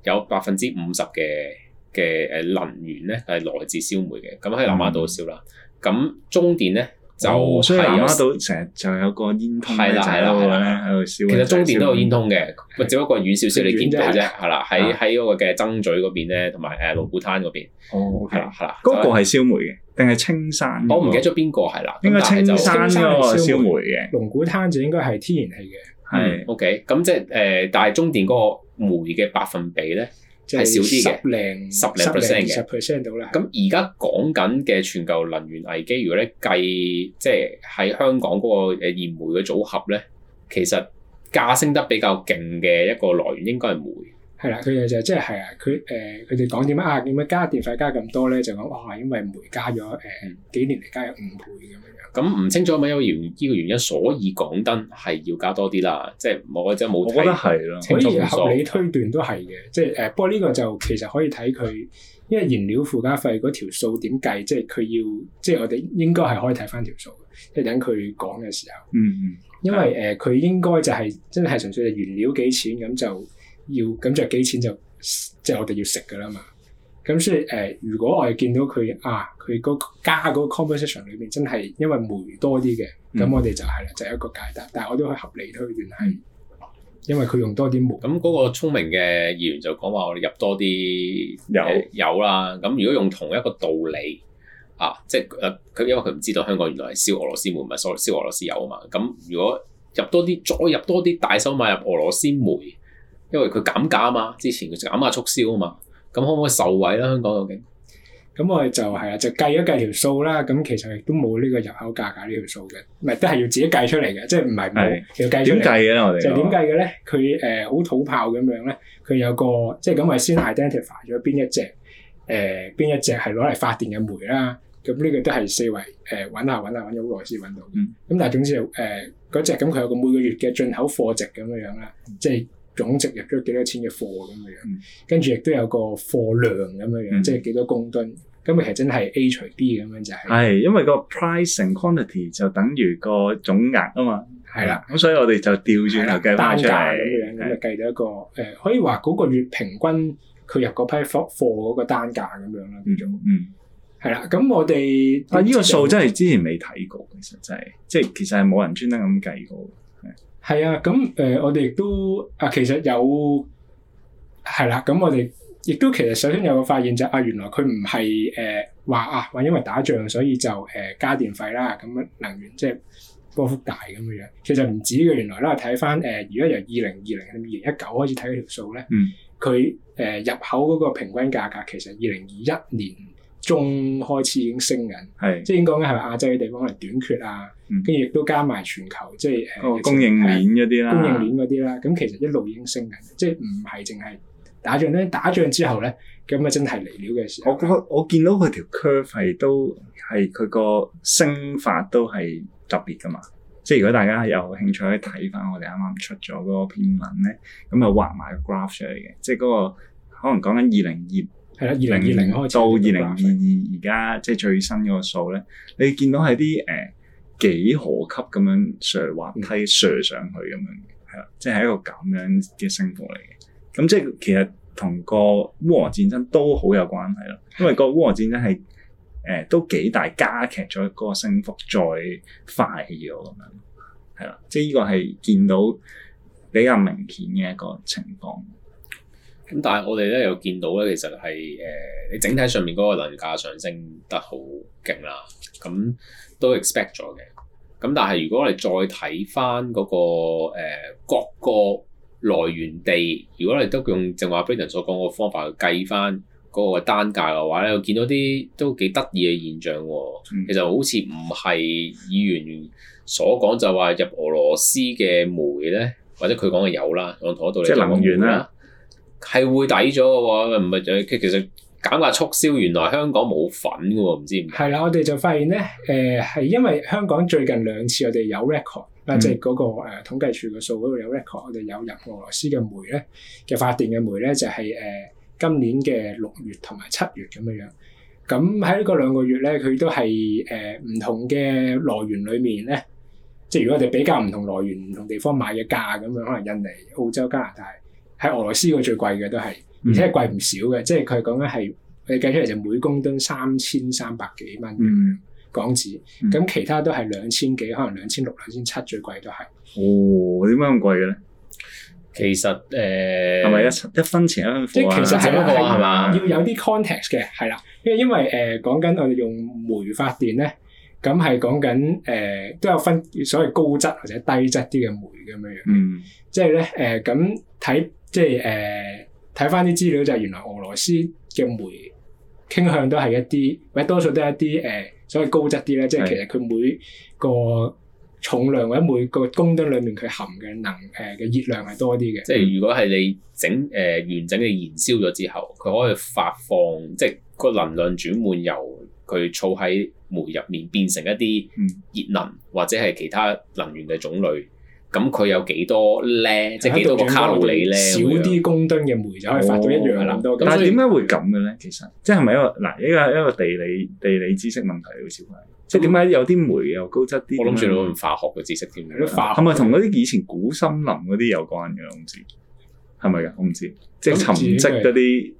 有百分之五十嘅嘅誒能源咧係來自燒煤嘅。咁喺南丫島燒啦。咁、嗯、中電咧。就所以而家到成日就係有個煙通咧就喺度燒，其實中電都有煙通嘅，唔只不過遠少少你見到啫，係啦，喺喺嗰個嘅曾咀嗰邊咧，同埋誒龍鼓灘嗰邊。哦，係啦，係啦，嗰個係燒煤嘅，定係青山？我唔記得咗邊個，係啦，應該青山嗰個燒煤嘅。龍鼓灘就應該係天然氣嘅。係，OK，咁即係誒，但係中電嗰個煤嘅百分比咧？係少啲嘅，十零十零 percent，十 percent 到啦。咁而家講緊嘅全球能源危機，如果咧計，即係喺香港嗰個誒燃煤嘅組合咧，其實價升得比較勁嘅一個來源應該係煤。係啦，佢就即係係啊，佢誒佢哋講點啊？點解加電費加咁多咧？就講哇，因為煤加咗誒幾年嚟加咗五倍咁樣。咁唔清楚咪有原呢個原因，所以港燈係要加多啲啦。即係我真係冇睇，我覺得係咯。可以合理推斷都係嘅，即係誒、呃。不過呢個就其實可以睇佢，因為燃料附加費嗰條數點計，即係佢要，即係我哋應該係可以睇翻條數，即係等佢講嘅時候。嗯嗯。嗯因為誒，佢、呃、應該就係、是、真係純粹係原料幾錢咁，就要咁就幾錢就即係我哋要食噶啦嘛。咁所以誒、呃，如果我哋見到佢啊，佢加嗰個 conversation 裏邊真係因為煤多啲嘅，咁、嗯、我哋就係啦，就係、一個解答。但係我都可以合理推斷係因為佢用多啲煤。咁嗰個聰明嘅議員就講話：我哋入多啲有、呃、有啦。咁如果用同一個道理啊，即係佢因為佢唔知道香港原來係燒俄羅斯煤，咪燒燒俄羅斯油啊嘛。咁如果入多啲，再入多啲大手買入俄羅斯煤，因為佢減價啊嘛，之前佢減價促銷啊嘛。咁可唔可以受惠啦？香港究竟？咁我哋就係、是、啦，就計咗計條數啦。咁其實亦都冇呢個入口價格呢條、這個、數嘅，唔係都係要自己計出嚟嘅，即係唔係冇要計出嚟。點計嘅我哋？就點計嘅咧？佢誒好土炮咁樣咧，佢有個即係咁，係先 identify 咗邊一隻誒，邊一隻係攞嚟發電嘅煤啦。咁呢個都係四圍誒揾、呃、下揾下揾咗好耐先揾到，到。咁、嗯、但係總之誒嗰隻咁，佢、呃、有個每個月嘅進口貨值咁樣樣啦，即係。嗯總值入咗幾多錢嘅貨咁嘅樣，跟住亦都有個貨量咁嘅樣，即係幾多公噸。咁其實真係 A 除 B 咁樣就係、是。係因為個 price and quantity 就等於個總額啊嘛。係啦的，咁、嗯、所以我哋就調轉嚟計翻出嚟咁嘅，咁就計咗一個誒，可以話嗰個月平均佢入嗰批貨貨嗰個單價咁樣啦，叫、呃、做、嗯。嗯，係啦，咁我哋、啊。但、這、呢個數真係之前未睇過，其實真、就、係、是，即係其實係冇人專登咁計過。係啊，咁誒，我哋亦都啊，其實有係啦，咁、啊、我哋亦都其實首先有個發現就係、係、啊，原來佢唔係誒話啊，話因為打仗所以就誒、呃、加電費啦，咁能源即係波幅大咁樣樣。其實唔止嘅，原來啦，睇返誒，如果由二零二零二零一九開始睇條數咧，佢誒、嗯呃、入口嗰個平均價格其實二零二一年。中開始已經升緊，係是即係應該講係亞洲嘅地方可能短缺啊，跟住亦都加埋全球，即係誒供應鏈嗰啲啦，供應鏈嗰啲啦。咁其實一路已經升緊，嗯、即係唔係淨係打仗咧？打仗之後咧，咁啊真係嚟料嘅時候，我覺得我見到佢條 curve 係都係佢個升法都係特別㗎嘛。即係如果大家有興趣可以睇翻我哋啱啱出咗嗰篇文咧，咁啊畫埋個 graph 出嚟嘅，即係嗰、嗰個可能講緊二零二。係啦，二零二零開始到二零二二而家，即係最新嗰個數咧，你見到係啲誒幾何級咁樣上滑梯上上去咁樣，係啦、嗯，即係一個咁樣嘅升幅嚟嘅。咁即係其實同個烏俄戰爭都好有關係啦，嗯、因為個烏俄戰爭係誒、呃、都幾大加劇咗嗰個升幅再快咗咁樣，係啦，即係呢個係見到比較明顯嘅一個情況。咁但係我哋咧又見到咧，其實係誒，你、呃、整體上面嗰個能源價上升得好勁啦。咁都 expect 咗嘅。咁但係如果我哋再睇翻嗰個、呃、各個來源地，如果我哋都用正話 Braden 所講個方法去計翻嗰個單價嘅話咧，我見到啲都幾得意嘅現象。其實好似唔係議員所講就話入俄羅斯嘅煤咧，或者佢講嘅油啦，同一道理嚟講，即係能源啦。係會抵咗喎，唔係就其其實減價促銷，原來香港冇份嘅喎，唔知點。係啦，我哋就發現咧，誒、呃、係因為香港最近兩次我哋有 record，即係嗰個誒統計處嘅數嗰度有 record，我哋有入俄羅斯嘅煤咧嘅發電嘅煤咧、就是，就係誒今年嘅六月同埋七月咁樣樣。咁喺呢個兩個月咧，佢都係誒唔同嘅來源裏面咧，即係如果我哋比較唔同來源、唔同地方買嘅價咁樣，可能印尼、澳洲、加拿大。喺俄羅斯個最貴嘅都係，而且係貴唔少嘅，嗯、即係佢講緊係，我哋計出嚟就每公噸三千三百幾蚊咁港紙，咁、嗯、其他都係兩千幾，可能兩千六、兩千七最貴都係。哦，點解咁貴嘅咧？其實誒，係咪一一分錢一分貨啊？一個係嘛，要有啲 context 嘅，係啦，因為因為誒講緊我哋用煤發電咧，咁係講緊誒都有分所謂高質或者低質啲嘅煤咁樣樣嘅，嗯、即係咧誒咁睇。呃即係誒睇翻啲資料，就係原來俄羅斯嘅煤傾向都係一啲，或者多數都係一啲誒、呃、所謂高質啲咧。是即係其實佢每個重量或者每個公噸裡面佢含嘅能誒嘅、呃、熱量係多啲嘅。即係如果係你整誒、呃、完整嘅燃燒咗之後，佢可以發放，即係個能量轉換由佢儲喺煤入面變成一啲熱能、嗯、或者係其他能源嘅種類。咁佢有幾多咧？即係幾多個卡路里咧？少啲公噸嘅煤就可以發到一樣咁多。但係點解會咁嘅咧？其實即係咪一個嗱，一個一個地理地理知識問題好似係。即係點解有啲煤又高質啲？我諗住要化學嘅知識添。係咪同嗰啲以前古森林嗰啲有關嘅？嗯、我唔知係咪嘅，我唔知。即係沉積嗰啲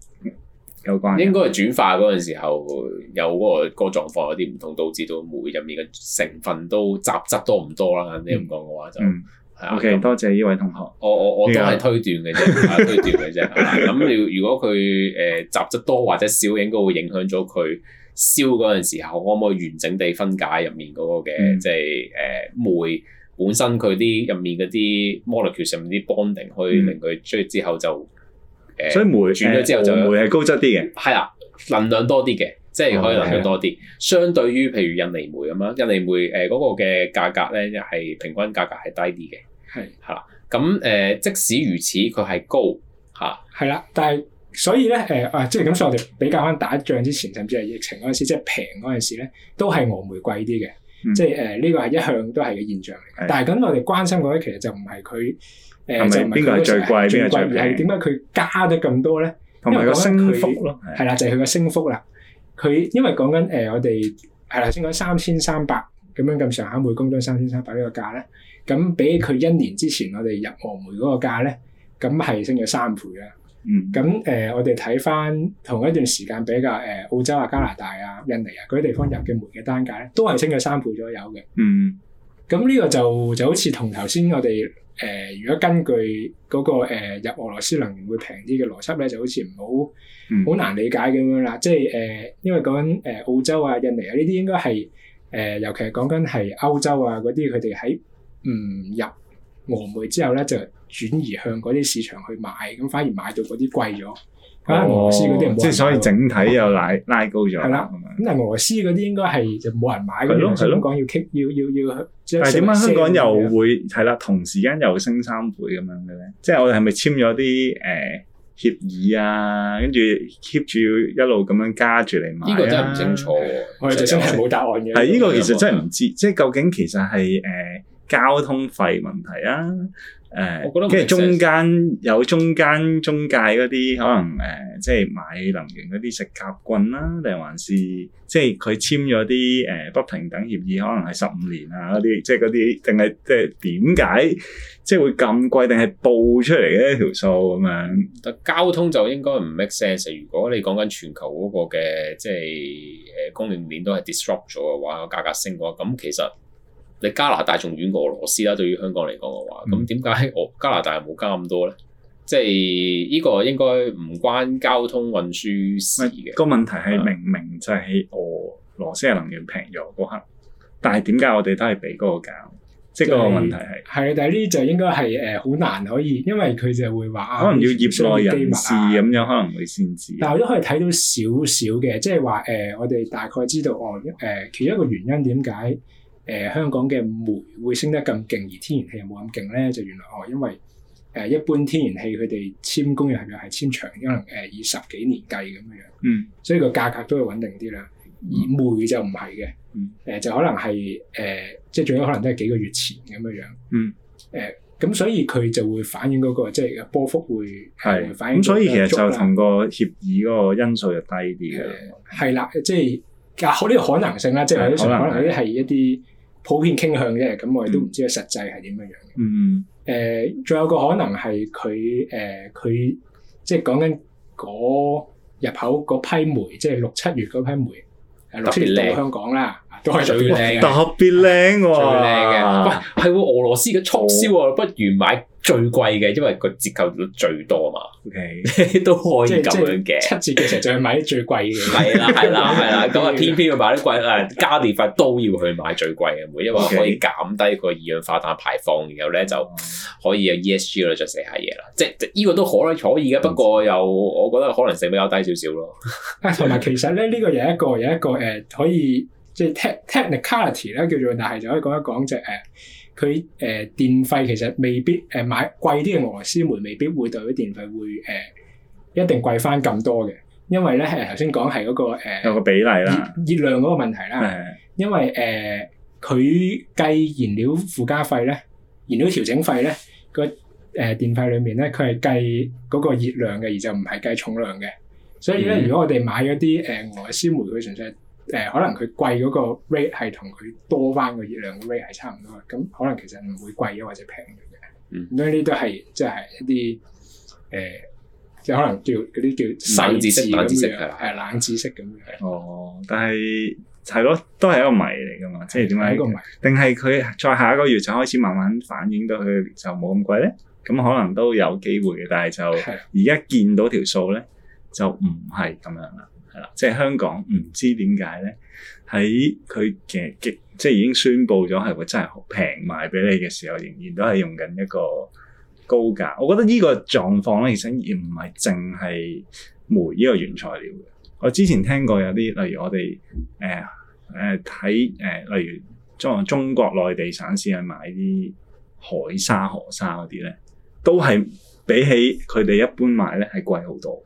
有關。應該係轉化嗰陣時候有嗰個嗰個狀況有啲唔同，導致到煤入面嘅成分都雜質多唔多啦？你唔講嘅話就。嗯嗯。O.K.，多謝呢位同學。我我我都係推斷嘅啫、 啊，推斷嘅啫。咁、啊、要如果佢誒、呃、雜質多或者少，應該會影響咗佢燒嗰陣時候可唔可以完整地分解入面嗰個嘅，嗯、即係誒、呃、煤本身佢啲入面嗰啲 molecule 上面啲 bonding，可以令佢出嚟之後就誒。呃、所以煤轉咗之後就、呃、煤係高質啲嘅，係啦，能量多啲嘅，即係可以能量多啲。哦、相對於譬如印尼煤咁樣，印尼煤誒嗰個嘅價格咧係平均價格係低啲嘅。係吓咁誒，即使如此，佢係高吓係啦。但係所以咧誒、呃，即係咁，所以我哋比較翻打仗之前，甚至係疫情嗰陣時，即係平嗰陣時咧，都係俄煤貴啲嘅。嗯、即係誒，呢、呃這個係一向都係嘅現象嚟。的但係咁，我哋關心嗰啲，其實就唔係佢誒，最貴的就唔係邊個最貴，邊個最貴，而係點解佢加得咁多咧？同埋個升幅咯，係啦，就係佢個升幅啦。佢因為講緊誒，我哋係啦，先講三千三百咁樣咁上下，每公噸三千三百呢個價咧。咁比佢一年之前我哋入俄煤嗰個價咧，咁係升咗三倍啦。嗯，咁誒我哋睇返同一段時間比較誒澳洲啊、加拿大啊、印尼啊嗰啲地方入嘅煤嘅單價咧，都係升咗三倍左右嘅。嗯，咁呢個就就好似同頭先我哋誒如果根據嗰個入俄羅斯能源會平啲嘅邏輯咧，就好似唔好好難理解咁樣啦。即係誒，因為講緊誒澳洲啊、印尼啊呢啲應該係誒，尤其係講緊係歐洲啊嗰啲佢哋喺。唔入俄煤之後咧，就轉移向嗰啲市場去買，咁反而買到嗰啲貴咗。咁俄羅斯嗰啲即係所以整體又拉拉高咗。係啦，咁啊俄羅斯嗰啲應該係就冇人買嘅。係咯係咯，香港要 keep 要要要，但係點解香港又會係啦？同時間又升三倍咁樣嘅咧？即係我哋係咪簽咗啲誒協議啊？跟住 keep 住一路咁樣加住嚟買？呢個真係唔清楚。我哋真係冇答案嘅。係呢個其實真係唔知，即係究竟其實係誒。交通費問題啊，呃、我覺得即係中間有中間中介嗰啲可能誒、呃，即係買能源嗰啲食夾棍啦、啊，定還是即係佢簽咗啲誒不平等協議，可能係十五年啊嗰啲，即係嗰啲定係即係點解即係會咁貴，定係報出嚟嘅條數咁樣？但交通就應該唔 make sense。如果你講緊全球嗰個嘅即係誒供應鏈都係 disrupt 咗嘅話，價格升嘅話，咁其實。你加拿大仲遠過俄羅斯啦，對於香港嚟講嘅話，咁點解俄加拿大冇加咁多咧？即係呢個應該唔關交通運輸事嘅，個問題係明明就係俄羅斯嘅能源平咗嗰刻，但係點解我哋都係俾嗰個價？即係個問題係係啊，但係呢就應該係誒好難可以，因為佢就會話可能要業內人士咁、啊、樣可能會先知，但係都可以睇到少少嘅，即係話誒我哋大概知道哦誒、呃，其一個原因點解？誒、呃、香港嘅煤會升得咁勁，而天然氣又冇咁勁咧，就原來哦，因為誒、呃、一般天然氣佢哋簽供約係係簽長，可能誒以十幾年計咁樣樣，嗯，所以個價格都會穩定啲啦。嗯、而煤就唔係嘅，誒、呃、就可能係誒即係仲有可能都係幾個月前咁樣樣，嗯，誒咁、呃、所以佢就會反映嗰、那個即係波幅會係反映咁，所以其實就同個協議嗰個因素就低啲嘅，係啦、呃，即係啊呢個可能性咧，即係可能有係一啲。普遍傾向啫，咁我哋都唔知個實際係點樣樣嘅。嗯，誒、呃，仲有個可能係佢誒佢，即係講緊嗰入口嗰批煤，即係六七月嗰批煤，六七月嚟香港啦，都係最靚嘅，特別靚喎、啊啊，最靚嘅。喂，係喎，俄羅斯嘅促銷啊，哦、不如買最貴嘅，因為個折扣率最多嘛。O Okay . K， 都可以咁樣嘅。七折嘅時候，仲要買啲最貴嘅。係啦， 係啦，係啦。咁啊， 偏偏要買啲貴啊，加電費都要去買最貴嘅，Okay. 因為可以減低個二氧化碳排放，然後咧就可以有 E S G 啦、嗯，就寫下嘢啦。即係呢個都可可以嘅，嗯、不過又我覺得可能性比較低少少咯。同埋 其實咧，呢、呢個有一個有一個誒，可以即係、就是、technicality 咧叫做，但係就可以講一講即係佢誒、呃、電費其實未必誒買貴啲嘅俄羅斯煤未必會對佢電費會誒、呃、一定貴翻咁多嘅，因為咧頭先講係嗰個、呃、有個比例啦，熱量嗰個問題啦，係，因為誒佢計燃料附加費咧，燃料調整費咧，呃、呢個誒電費裏面咧佢係計嗰個熱量嘅，而就唔係計重量嘅，所以咧如果我哋買嗰啲誒俄羅斯煤佢純粹。誒、呃，可能佢貴嗰個 rate 係同佢多翻個熱量個 rate 係差唔多，咁可能其實唔會貴啊，或者平咗嘅。咁呢啲都係即係一啲誒，即、呃、係可能叫嗰啲叫冷知識咁樣，誒冷知識咁樣。哦，但係係咯，都係一個謎嚟噶嘛，的即係點解？定係佢再下一個月就開始慢慢反映到佢就冇咁貴咧？咁可能都有機會嘅，但係就而家見到條數咧，就唔係咁樣啦。係啦，即係香港唔知點解咧，喺佢嘅極即係已經宣佈咗係會真係平賣俾你嘅時候，仍然都係用緊一個高價。我覺得呢個狀況咧，其實而唔係淨係煤呢個原材料嘅。我之前聽過有啲，例如我哋誒誒睇誒，例如中中國內地省市係買啲海沙河沙嗰啲咧，都係比起佢哋一般買咧係貴好多。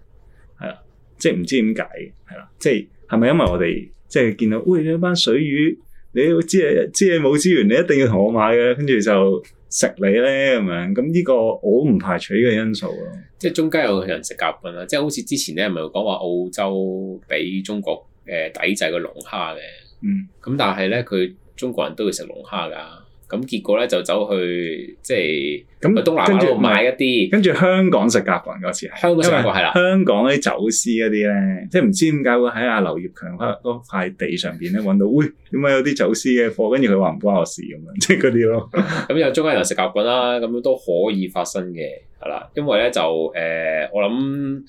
即係唔知點解嘅，係啦，即係係咪因為我哋即係見到，喂，你一班水魚，你知係知係冇資源，你一定要同我買嘅，跟住就食你咧咁樣。咁呢個我唔排除呢個因素咯。即係中間有個人食夾份食夾棍啦。即係好似之前咧，唔係講話澳洲俾中國誒抵制個龍蝦嘅。嗯。咁但係咧，佢中國人都要食龍蝦㗎。咁結果咧就走去即係咁東南亞度著買一啲，跟住香港食甲殼蟲嗰次，香港係啦，香港啲走私嗰啲咧，即係唔知點解會喺阿劉業強嗰塊地上邊咧揾到，喂、哎，點解有啲走私嘅貨，跟住佢話唔關我事咁樣，即係嗰啲咯。咁有中間人有食甲殼啦，咁樣都可以發生嘅，係啦，因為咧就誒、呃、我諗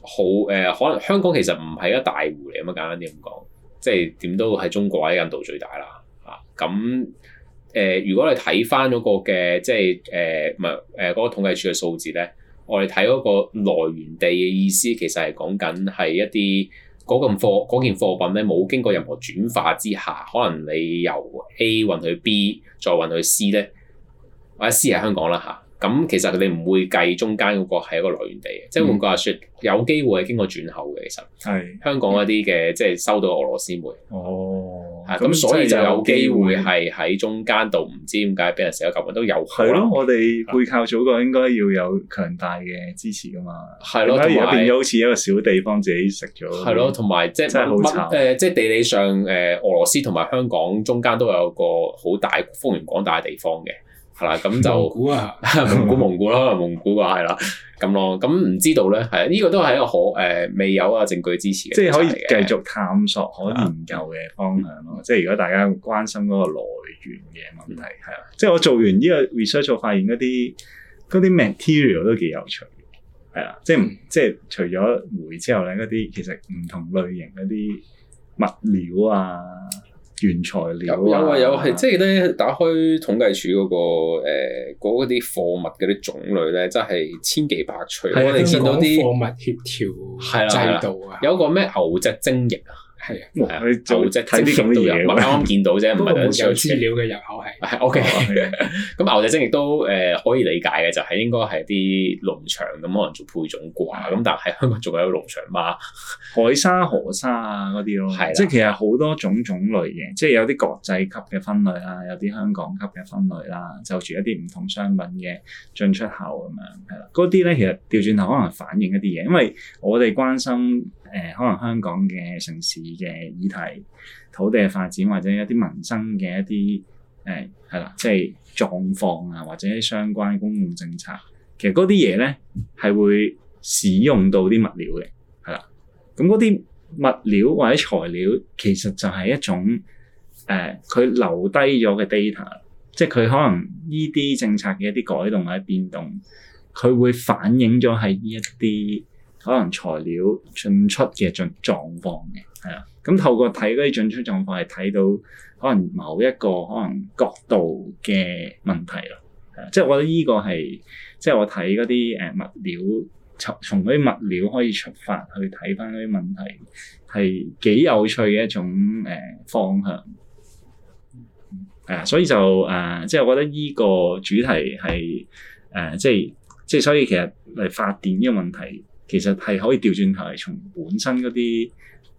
好誒，可能香港其實唔係一大戶嚟，咁簡單啲咁講，即係點都喺中國啊，嗰度最大啦，啊咁。誒、呃，如果你睇翻嗰個嘅即係誒，唔係誒嗰個統計處嘅數字咧，我哋睇嗰個來源地嘅意思，其實係講緊係一啲嗰、嗰個貨嗰件貨品咧，冇經過任何轉化之下，可能你由 A 運去 B，再運去 C 咧，或者 C 係香港啦嚇。咁、啊、其實你唔會計中間嗰個係一個來源地嘅，嗯、即係換句話説，有機會係經過轉口嘅。其實係是香港一啲嘅，嗯、即係收到俄羅斯煤。哦。咁、嗯嗯、所以就有機會係喺中間度唔、嗯、知點解俾人食咗嚿嘢，都有可能。係咯，我哋背靠祖國應該要有強大嘅支持㗎嘛。係咯了，而家又變咗好似一個小地方自己食咗。係咯了，同埋即係乜誒？即係了且地理上誒，俄羅斯同埋香港中間都有個好大方圓廣大嘅地方嘅。係啦，咁就蒙古啊， 蒙古蒙古咯，可能 蒙古話係啦，咁咯， 咁唔知道咧，係啊，呢個都係一個可誒、呃、未有啊證據支持嘅，即係可以繼續探索可研究嘅方向咯。嗯、即係如果大家關心嗰個來源嘅問題，係、嗯、啊，即係我做完呢個 research，我、er、發現嗰啲嗰啲 material 都幾有趣嘅，係啊，即係唔即係除咗煤之後咧，嗰啲其實唔同類型嗰啲物料啊。原材料有啊，有係即係咧，打開統計處嗰、嗰個嗰啲、呃、貨物嗰啲種類咧，真係千幾百除。我哋、啊、見到啲貨物協調制度啊，啊啊有個咩牛隻精液啊？係啊，做即係睇啲咁嘅嘢，唔係啱啱見到啫，唔係有資料嘅入口係。係 O K，咁牛仔精亦都誒 可以理解嘅，就係、是、應該係啲農場咁可能做配種啩，咁、哦、但係香港仲有農場嘛，海沙、河沙啊，嗰啲咯，係、嗯、即係其實好多種種類嘅，即係有啲國際級嘅分類啦，有啲香港級嘅分類啦，就住一啲唔同商品嘅進出口咁樣係啦。嗰啲咧其實調轉頭可能反映一啲嘢，因為我哋關心。誒、呃、可能香港嘅城市嘅議題、土地嘅發展或者一啲民生嘅一啲誒係啦，即係狀況啊，或者相關公共政策，其實嗰啲嘢咧係會使用到啲物料嘅，係啦。咁嗰啲物料或者材料其實就係一種誒，佢、呃、留低咗嘅 data，即係佢可能呢啲政策嘅一啲改動或者變動，佢會反映咗喺呢一啲。可能材料進出嘅進狀況嘅，係啊，咁透過睇嗰啲進出狀況，係睇到可能某一個可能角度嘅問題咯，係啊，即係我覺得呢個係，即係我睇嗰啲誒物料，從從嗰啲物料可以出發去睇翻嗰啲問題，係幾有趣嘅一種誒、呃、方向，係啊，所以就誒、呃，即係我覺得呢個主題係誒、呃，即係即係，所以其實嚟發電呢個問題。其實係可以調轉頭嚟從本身嗰啲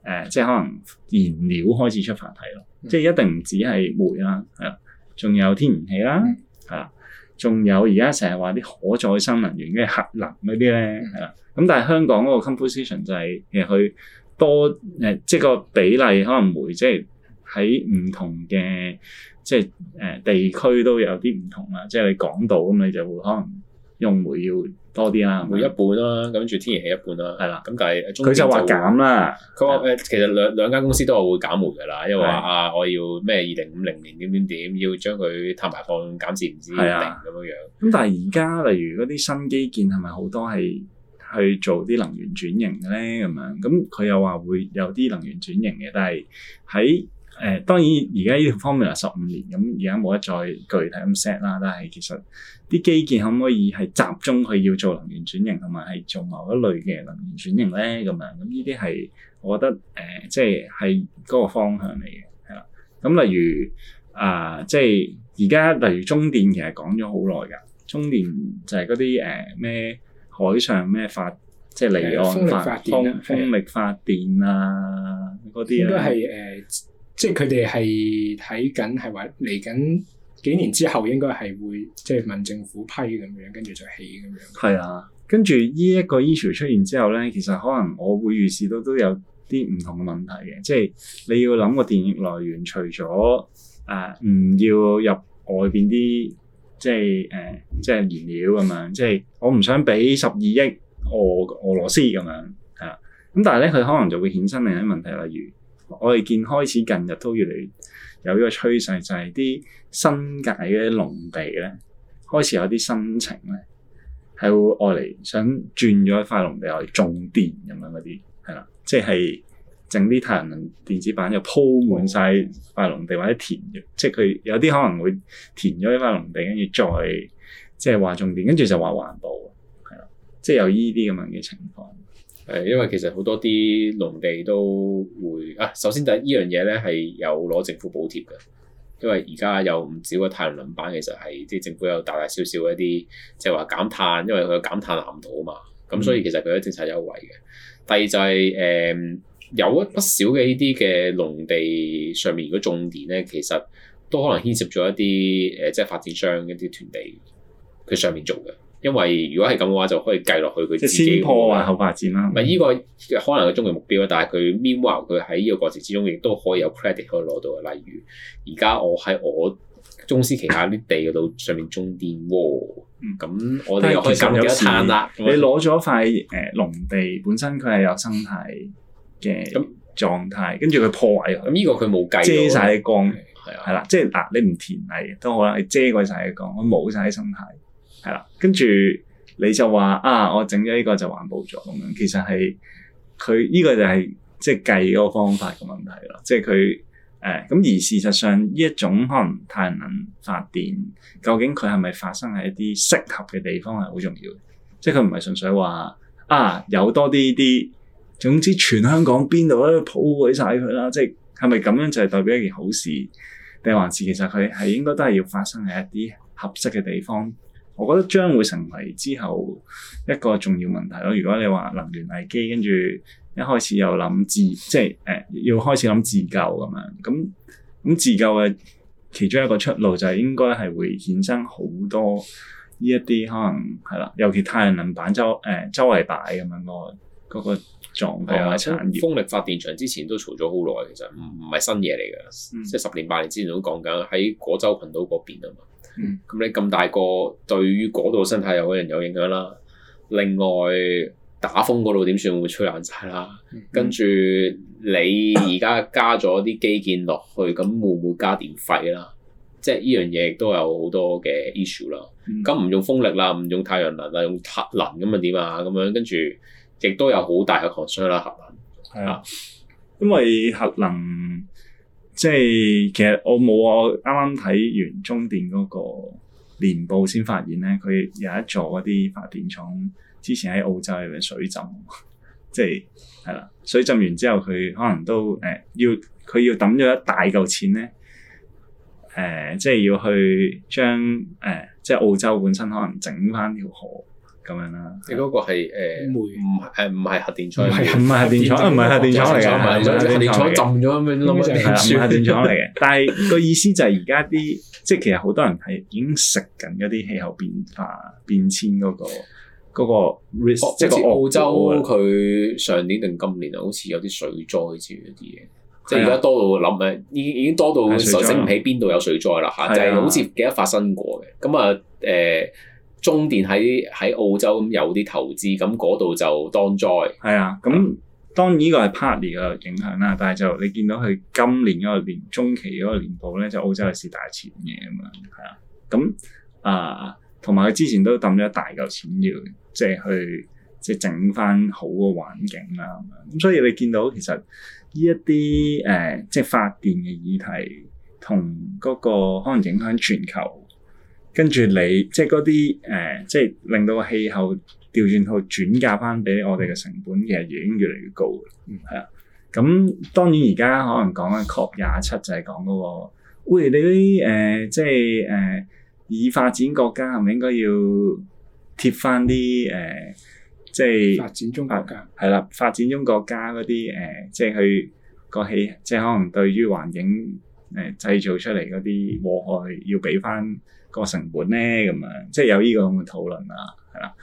誒，即係可能燃料開始出發睇咯，嗯、即係一定唔止係煤啦，係啦，仲有天然氣啦，係啦，仲有而家成日話啲可再生能源嘅核能嗰啲咧，係啦。咁、嗯嗯、但係香港嗰個 composition 就係其實佢多誒、呃，即係個比例可能煤即係喺唔同嘅即係誒、呃、地區都有啲唔同啦。即係你港島咁，你就會可能用煤要。多啲啦，嗯、是是每一半啦、啊，跟住天然氣一半啦、啊，係啦的，咁但係佢就話減啦，佢話誒，其實兩兩間公司都係會減煤噶啦，因為話啊，是的 我要咩二零五零年點點點，要將佢碳排放減至唔知零咁的樣樣。咁但係而家例如嗰啲新基建係咪好多係去做啲能源轉型嘅咧？咁樣咁佢又話會有啲能源轉型嘅，但係喺誒、呃、當然而家呢條方面係十五年，咁而家冇得再具體咁 set 啦。但係其實啲基建可唔可以係集中去要做能源轉型，同埋係做某一類嘅能源轉型咧？咁樣咁呢啲係我覺得誒、呃，即係係嗰個方向嚟嘅，係、嗯、啦。咁例如啊、呃，即係而家例如中電其實講咗好耐㗎，中電就係嗰啲誒咩海上咩發，即係離岸發風風力發電啊，嗰啲啊，應該係即係佢哋係睇緊，係話嚟緊幾年之後應該係會即係問政府批咁樣，跟住就起咁樣。係啊，跟住呢一個 issue 出現之後咧，其實可能我會預示到都有啲唔同嘅問題嘅。即係你要諗個電力來源，除咗誒唔要入外邊啲即係誒、呃、即係燃料咁樣，即係我唔想俾十二億俄俄羅斯咁樣係啊。咁但係咧，佢可能就會衍生另一啲問題，例如，我哋見開始近日都越嚟越有呢個趨勢，就係啲新界嘅農地咧，開始有啲心情咧，係會愛嚟想轉咗一塊農地嚟種電咁樣嗰啲，係啦，即係整啲太陽能電子板又鋪滿晒塊農地或者填，即係佢有啲可能會填咗一塊農地，跟住再即係話種電，跟住就話環保，係啦，即係有依啲咁樣嘅情況。誒，因為其實好多啲農地都會啊，首先就係呢樣嘢咧係有攞政府補貼嘅，因為而家有唔少嘅太陽能板，其實係即係政府有大大小小一啲即係話減碳，因為佢減碳難度啊嘛，咁所以其實佢有政策優惠嘅。第二就係、是、誒、嗯，有一不少嘅呢啲嘅農地上面如果種田咧，其實都可能牽涉咗一啲誒、呃，即係發展商嘅一啲團地佢上面做嘅。因為如果係咁嘅話，就可以計落去佢自己先破壞後發展啦。唔係依個可能嘅終極目標啦，但係佢 meanwhile 佢喺呢個過程之中，亦都可以有 credit 可以攞到嘅。例如而家我喺我公司旗下啲地嗰度上面種電喎，咁、嗯、我哋可以咁有賺啦。你攞咗塊誒農地，本身佢係有生態嘅狀態，跟住佢破壞咗。咁呢個佢冇計遮晒啲光，係啦的，即係嗱，你唔填泥都好啦，你遮過晒啲光，佢冇晒啲生態。係啦，跟住你就話啊，我整咗呢個就環保咗咁樣。其實係佢呢個就係即係計個方法嘅問題啦。即係佢誒咁而事實上呢一種可能太陽能發電，究竟佢係咪發生喺一啲適合嘅地方係好重要？即係佢唔係純粹話啊有多啲啲，總之全香港邊度都鋪鬼晒佢啦。即係係咪咁樣就係代表一件好事，定還是其實佢係應該都係要發生喺一啲合適嘅地方？我覺得將會成為之後一個重要問題咯。如果你話能源危機，跟住一開始又諗自，即係誒、呃、要開始諗自救咁樣，咁咁自救嘅其中一個出路就係應該係會衍生好多呢一啲可能係啦，尤其太陽能板周誒、呃、周圍擺咁樣咯，嗰個、嗰個狀況啊產業的、嗯、風力發電場之前都嘈咗好耐，其實唔係新嘢嚟㗎，嗯、即係十年八年之前都講緊喺果洲群島嗰邊啊嘛。咁、嗯、你咁大個，對於嗰度生態有啲人有影響啦。另外打風嗰度點算？會吹爛晒啦。嗯、跟住你而家加咗啲基建落去，咁會唔會加電費啦？即係呢樣嘢亦都有好多嘅 issue 啦。咁唔、嗯、用風力啦，唔用太陽能啦，用核能咁又點啊？咁樣跟住亦都有好大嘅 concern 啦。核能係啊，因為核能。即係其實我冇啊！我啱啱睇完中電嗰個年報先發現咧，佢有一座嗰啲發電廠之前喺澳洲入面水浸， 即係係啦，水浸完之後佢可能都誒、呃、要佢要揼咗一大嚿錢咧，誒、呃、即係要去將誒、呃、即係澳洲本身可能整翻條河。咁樣啦，你嗰個係誒，唔係誒，唔係核電廠，唔係核電廠，唔係核電廠嚟嘅，核電廠浸咗咁樣諗啊，係啊，係核電廠嚟嘅。但係個意思就係而家啲，即係其實好多人係已經食緊一啲氣候變化變遷嗰個個 risk。即係澳洲佢上年定今年啊，好似有啲水災之類啲嘢，即係而家多到諗，唔係已已經多到醒唔起邊度有水災啦吓，就係好似記得發生過嘅。咁啊，誒。中電喺喺澳洲咁有啲投資，咁嗰度就當災。係啊，咁當然呢個係 party 嘅影響啦。但係就你見到佢今年嗰個，個年中期嗰個年報咧，就澳洲係蝕大錢嘅咁樣。係啊，咁啊，同埋佢之前都抌咗一大嚿錢要即係去即係整翻好個環境啦咁樣。咁所以你見到其實呢一啲誒即係發電嘅議題同嗰個可能影響全球。跟住你，即係嗰啲誒，即係令到個氣候調轉後轉嫁翻俾我哋嘅成本其實，已經越嚟越高，嗯，係啊。咁當然而家可能講緊 COP27 就係講嗰個，喂你啲誒、呃，即係誒，已、呃、發展國家係咪應該要貼翻啲誒，即係發展中國家係啦，發展中國家嗰啲誒，即係佢、嗰個氣，即係可能對於環境誒製、呃、造出嚟嗰啲禍害要俾翻。個成本咧咁樣，即係有呢個咁嘅討論啦，係啦。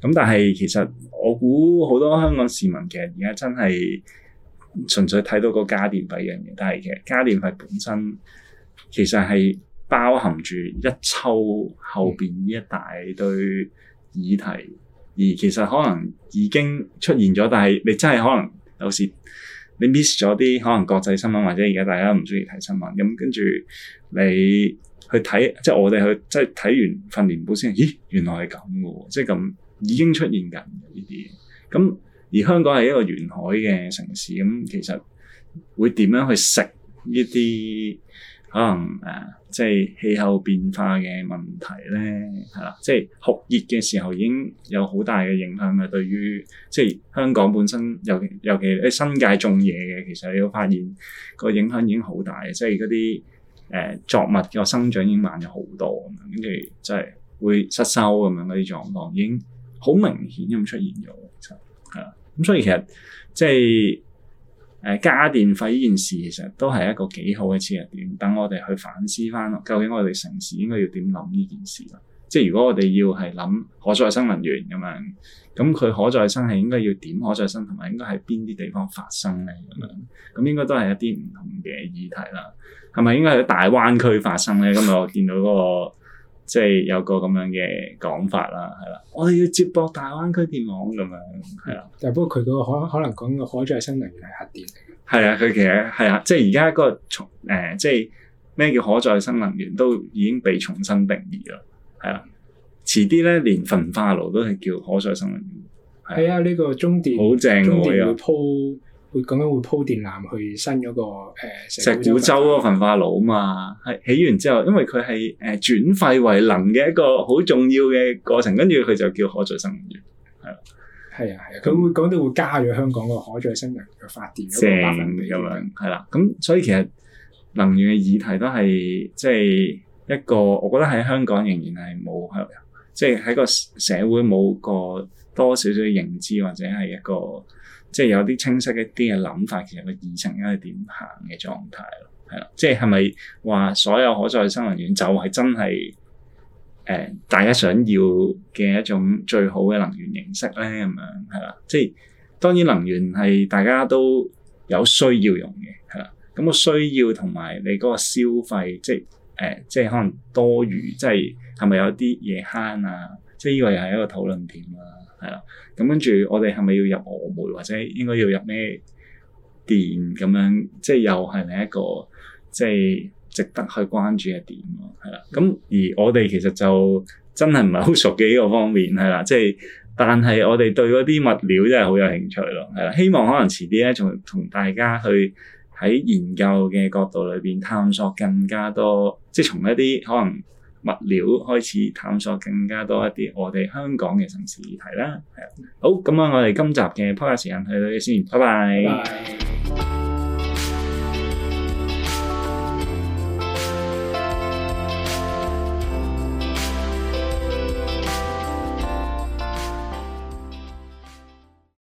咁但係其實我估好多香港市民其實而家真係純粹睇到個加電費樣嘢，但係其實加電費本身其實係包含住一抽後邊呢一大堆議題，嗯、而其實可能已經出現咗，但係你真係可能有時你 miss 咗啲可能國際新聞或者而家大家唔中意睇新聞，咁跟住你。去睇，即係我哋去即係睇完訓練報先，咦？原來係咁嘅喎，即係咁已經出現緊呢啲嘢。咁而香港係一個沿海嘅城市，咁其實會點樣去食呢啲可能誒、啊，即係氣候變化嘅問題咧？係、啊、啦，即係酷熱嘅時候已經有好大嘅影響嘅。對於即係香港本身，尤其尤其喺新界種嘢嘅，其實你會發現個影響已經好大，即係嗰啲。誒作物嘅生長已經慢咗好多咁樣，跟住即係會失收咁樣，嗰啲狀況已經好明顯咁出現咗，其實係啦。咁、嗯、所以其實即係誒加電費呢件事，其實都係一個幾好嘅切入點，等我哋去反思翻究竟我哋城市應該要點諗呢件事啦。即係如果我哋要係諗可再生能源咁樣，咁佢可再生係應該要點可再生，同埋應該喺邊啲地方發生咧咁樣？咁應該都係一啲唔同嘅議題啦。係咪應該喺大灣區發生咧？今日我見到、嗰個 即係有個咁樣嘅講法啦，係啦，我哋要接駁大灣區電網咁樣，係啦。但係不過佢嗰個可可能講嘅可再生能源係核電嚟係啊，佢其實係啊，即係而家嗰個重誒、呃，即係咩叫可再生能源都已經被重新定義啦。係啦，遲啲咧，連焚化爐都係叫可再生能源。係啊，呢、這個中電好正，中電會鋪會咁鋪樣會，會鋪電纜去新嗰、那個誒、呃、石鼓洲嗰個焚化爐嘛。係、嗯、起完之後，因為佢係誒轉廢為能嘅一個好重要嘅過程，跟住佢就叫可再生能源。係啦，係啊，係啊，佢會講到會加咗香港個可再生能源嘅發電成咁樣，係啦、啊。咁所以其實能源嘅議題都係即係。一個，我覺得喺香港仍然係冇即係喺個社會冇個多少少嘅認知或者係一個，即係有啲清晰一啲嘅諗法，其實個議程應該係點行嘅狀態咯，係啦，即係係咪話所有可再生能源就係真係誒、呃、大家想要嘅一種最好嘅能源形式咧？咁樣係啦，即係當然能源係大家都有需要用嘅，係啦，咁、嗰個需要同埋你嗰個消費即係。誒、呃，即係可能多餘，即係係咪有啲嘢慳啊？即係呢個又係一個討論點啦、啊，係啦。咁跟住我哋係咪要入俄煤，或者應該要入咩電咁樣？即係又係另一個即係值得去關注嘅點咯、啊，係啦。咁而我哋其實就真係唔係好熟嘅呢個方面，係啦。即係但係我哋對嗰啲物料真係好有興趣咯，係啦。希望可能遲啲咧，仲同大家去喺研究嘅角度裏邊探索更加多。即係從一啲可能物料開始探索更加多一啲我哋香港嘅城市議題啦。係啊，好咁啊！我哋今集嘅 podcast 時間去到呢度先，拜拜。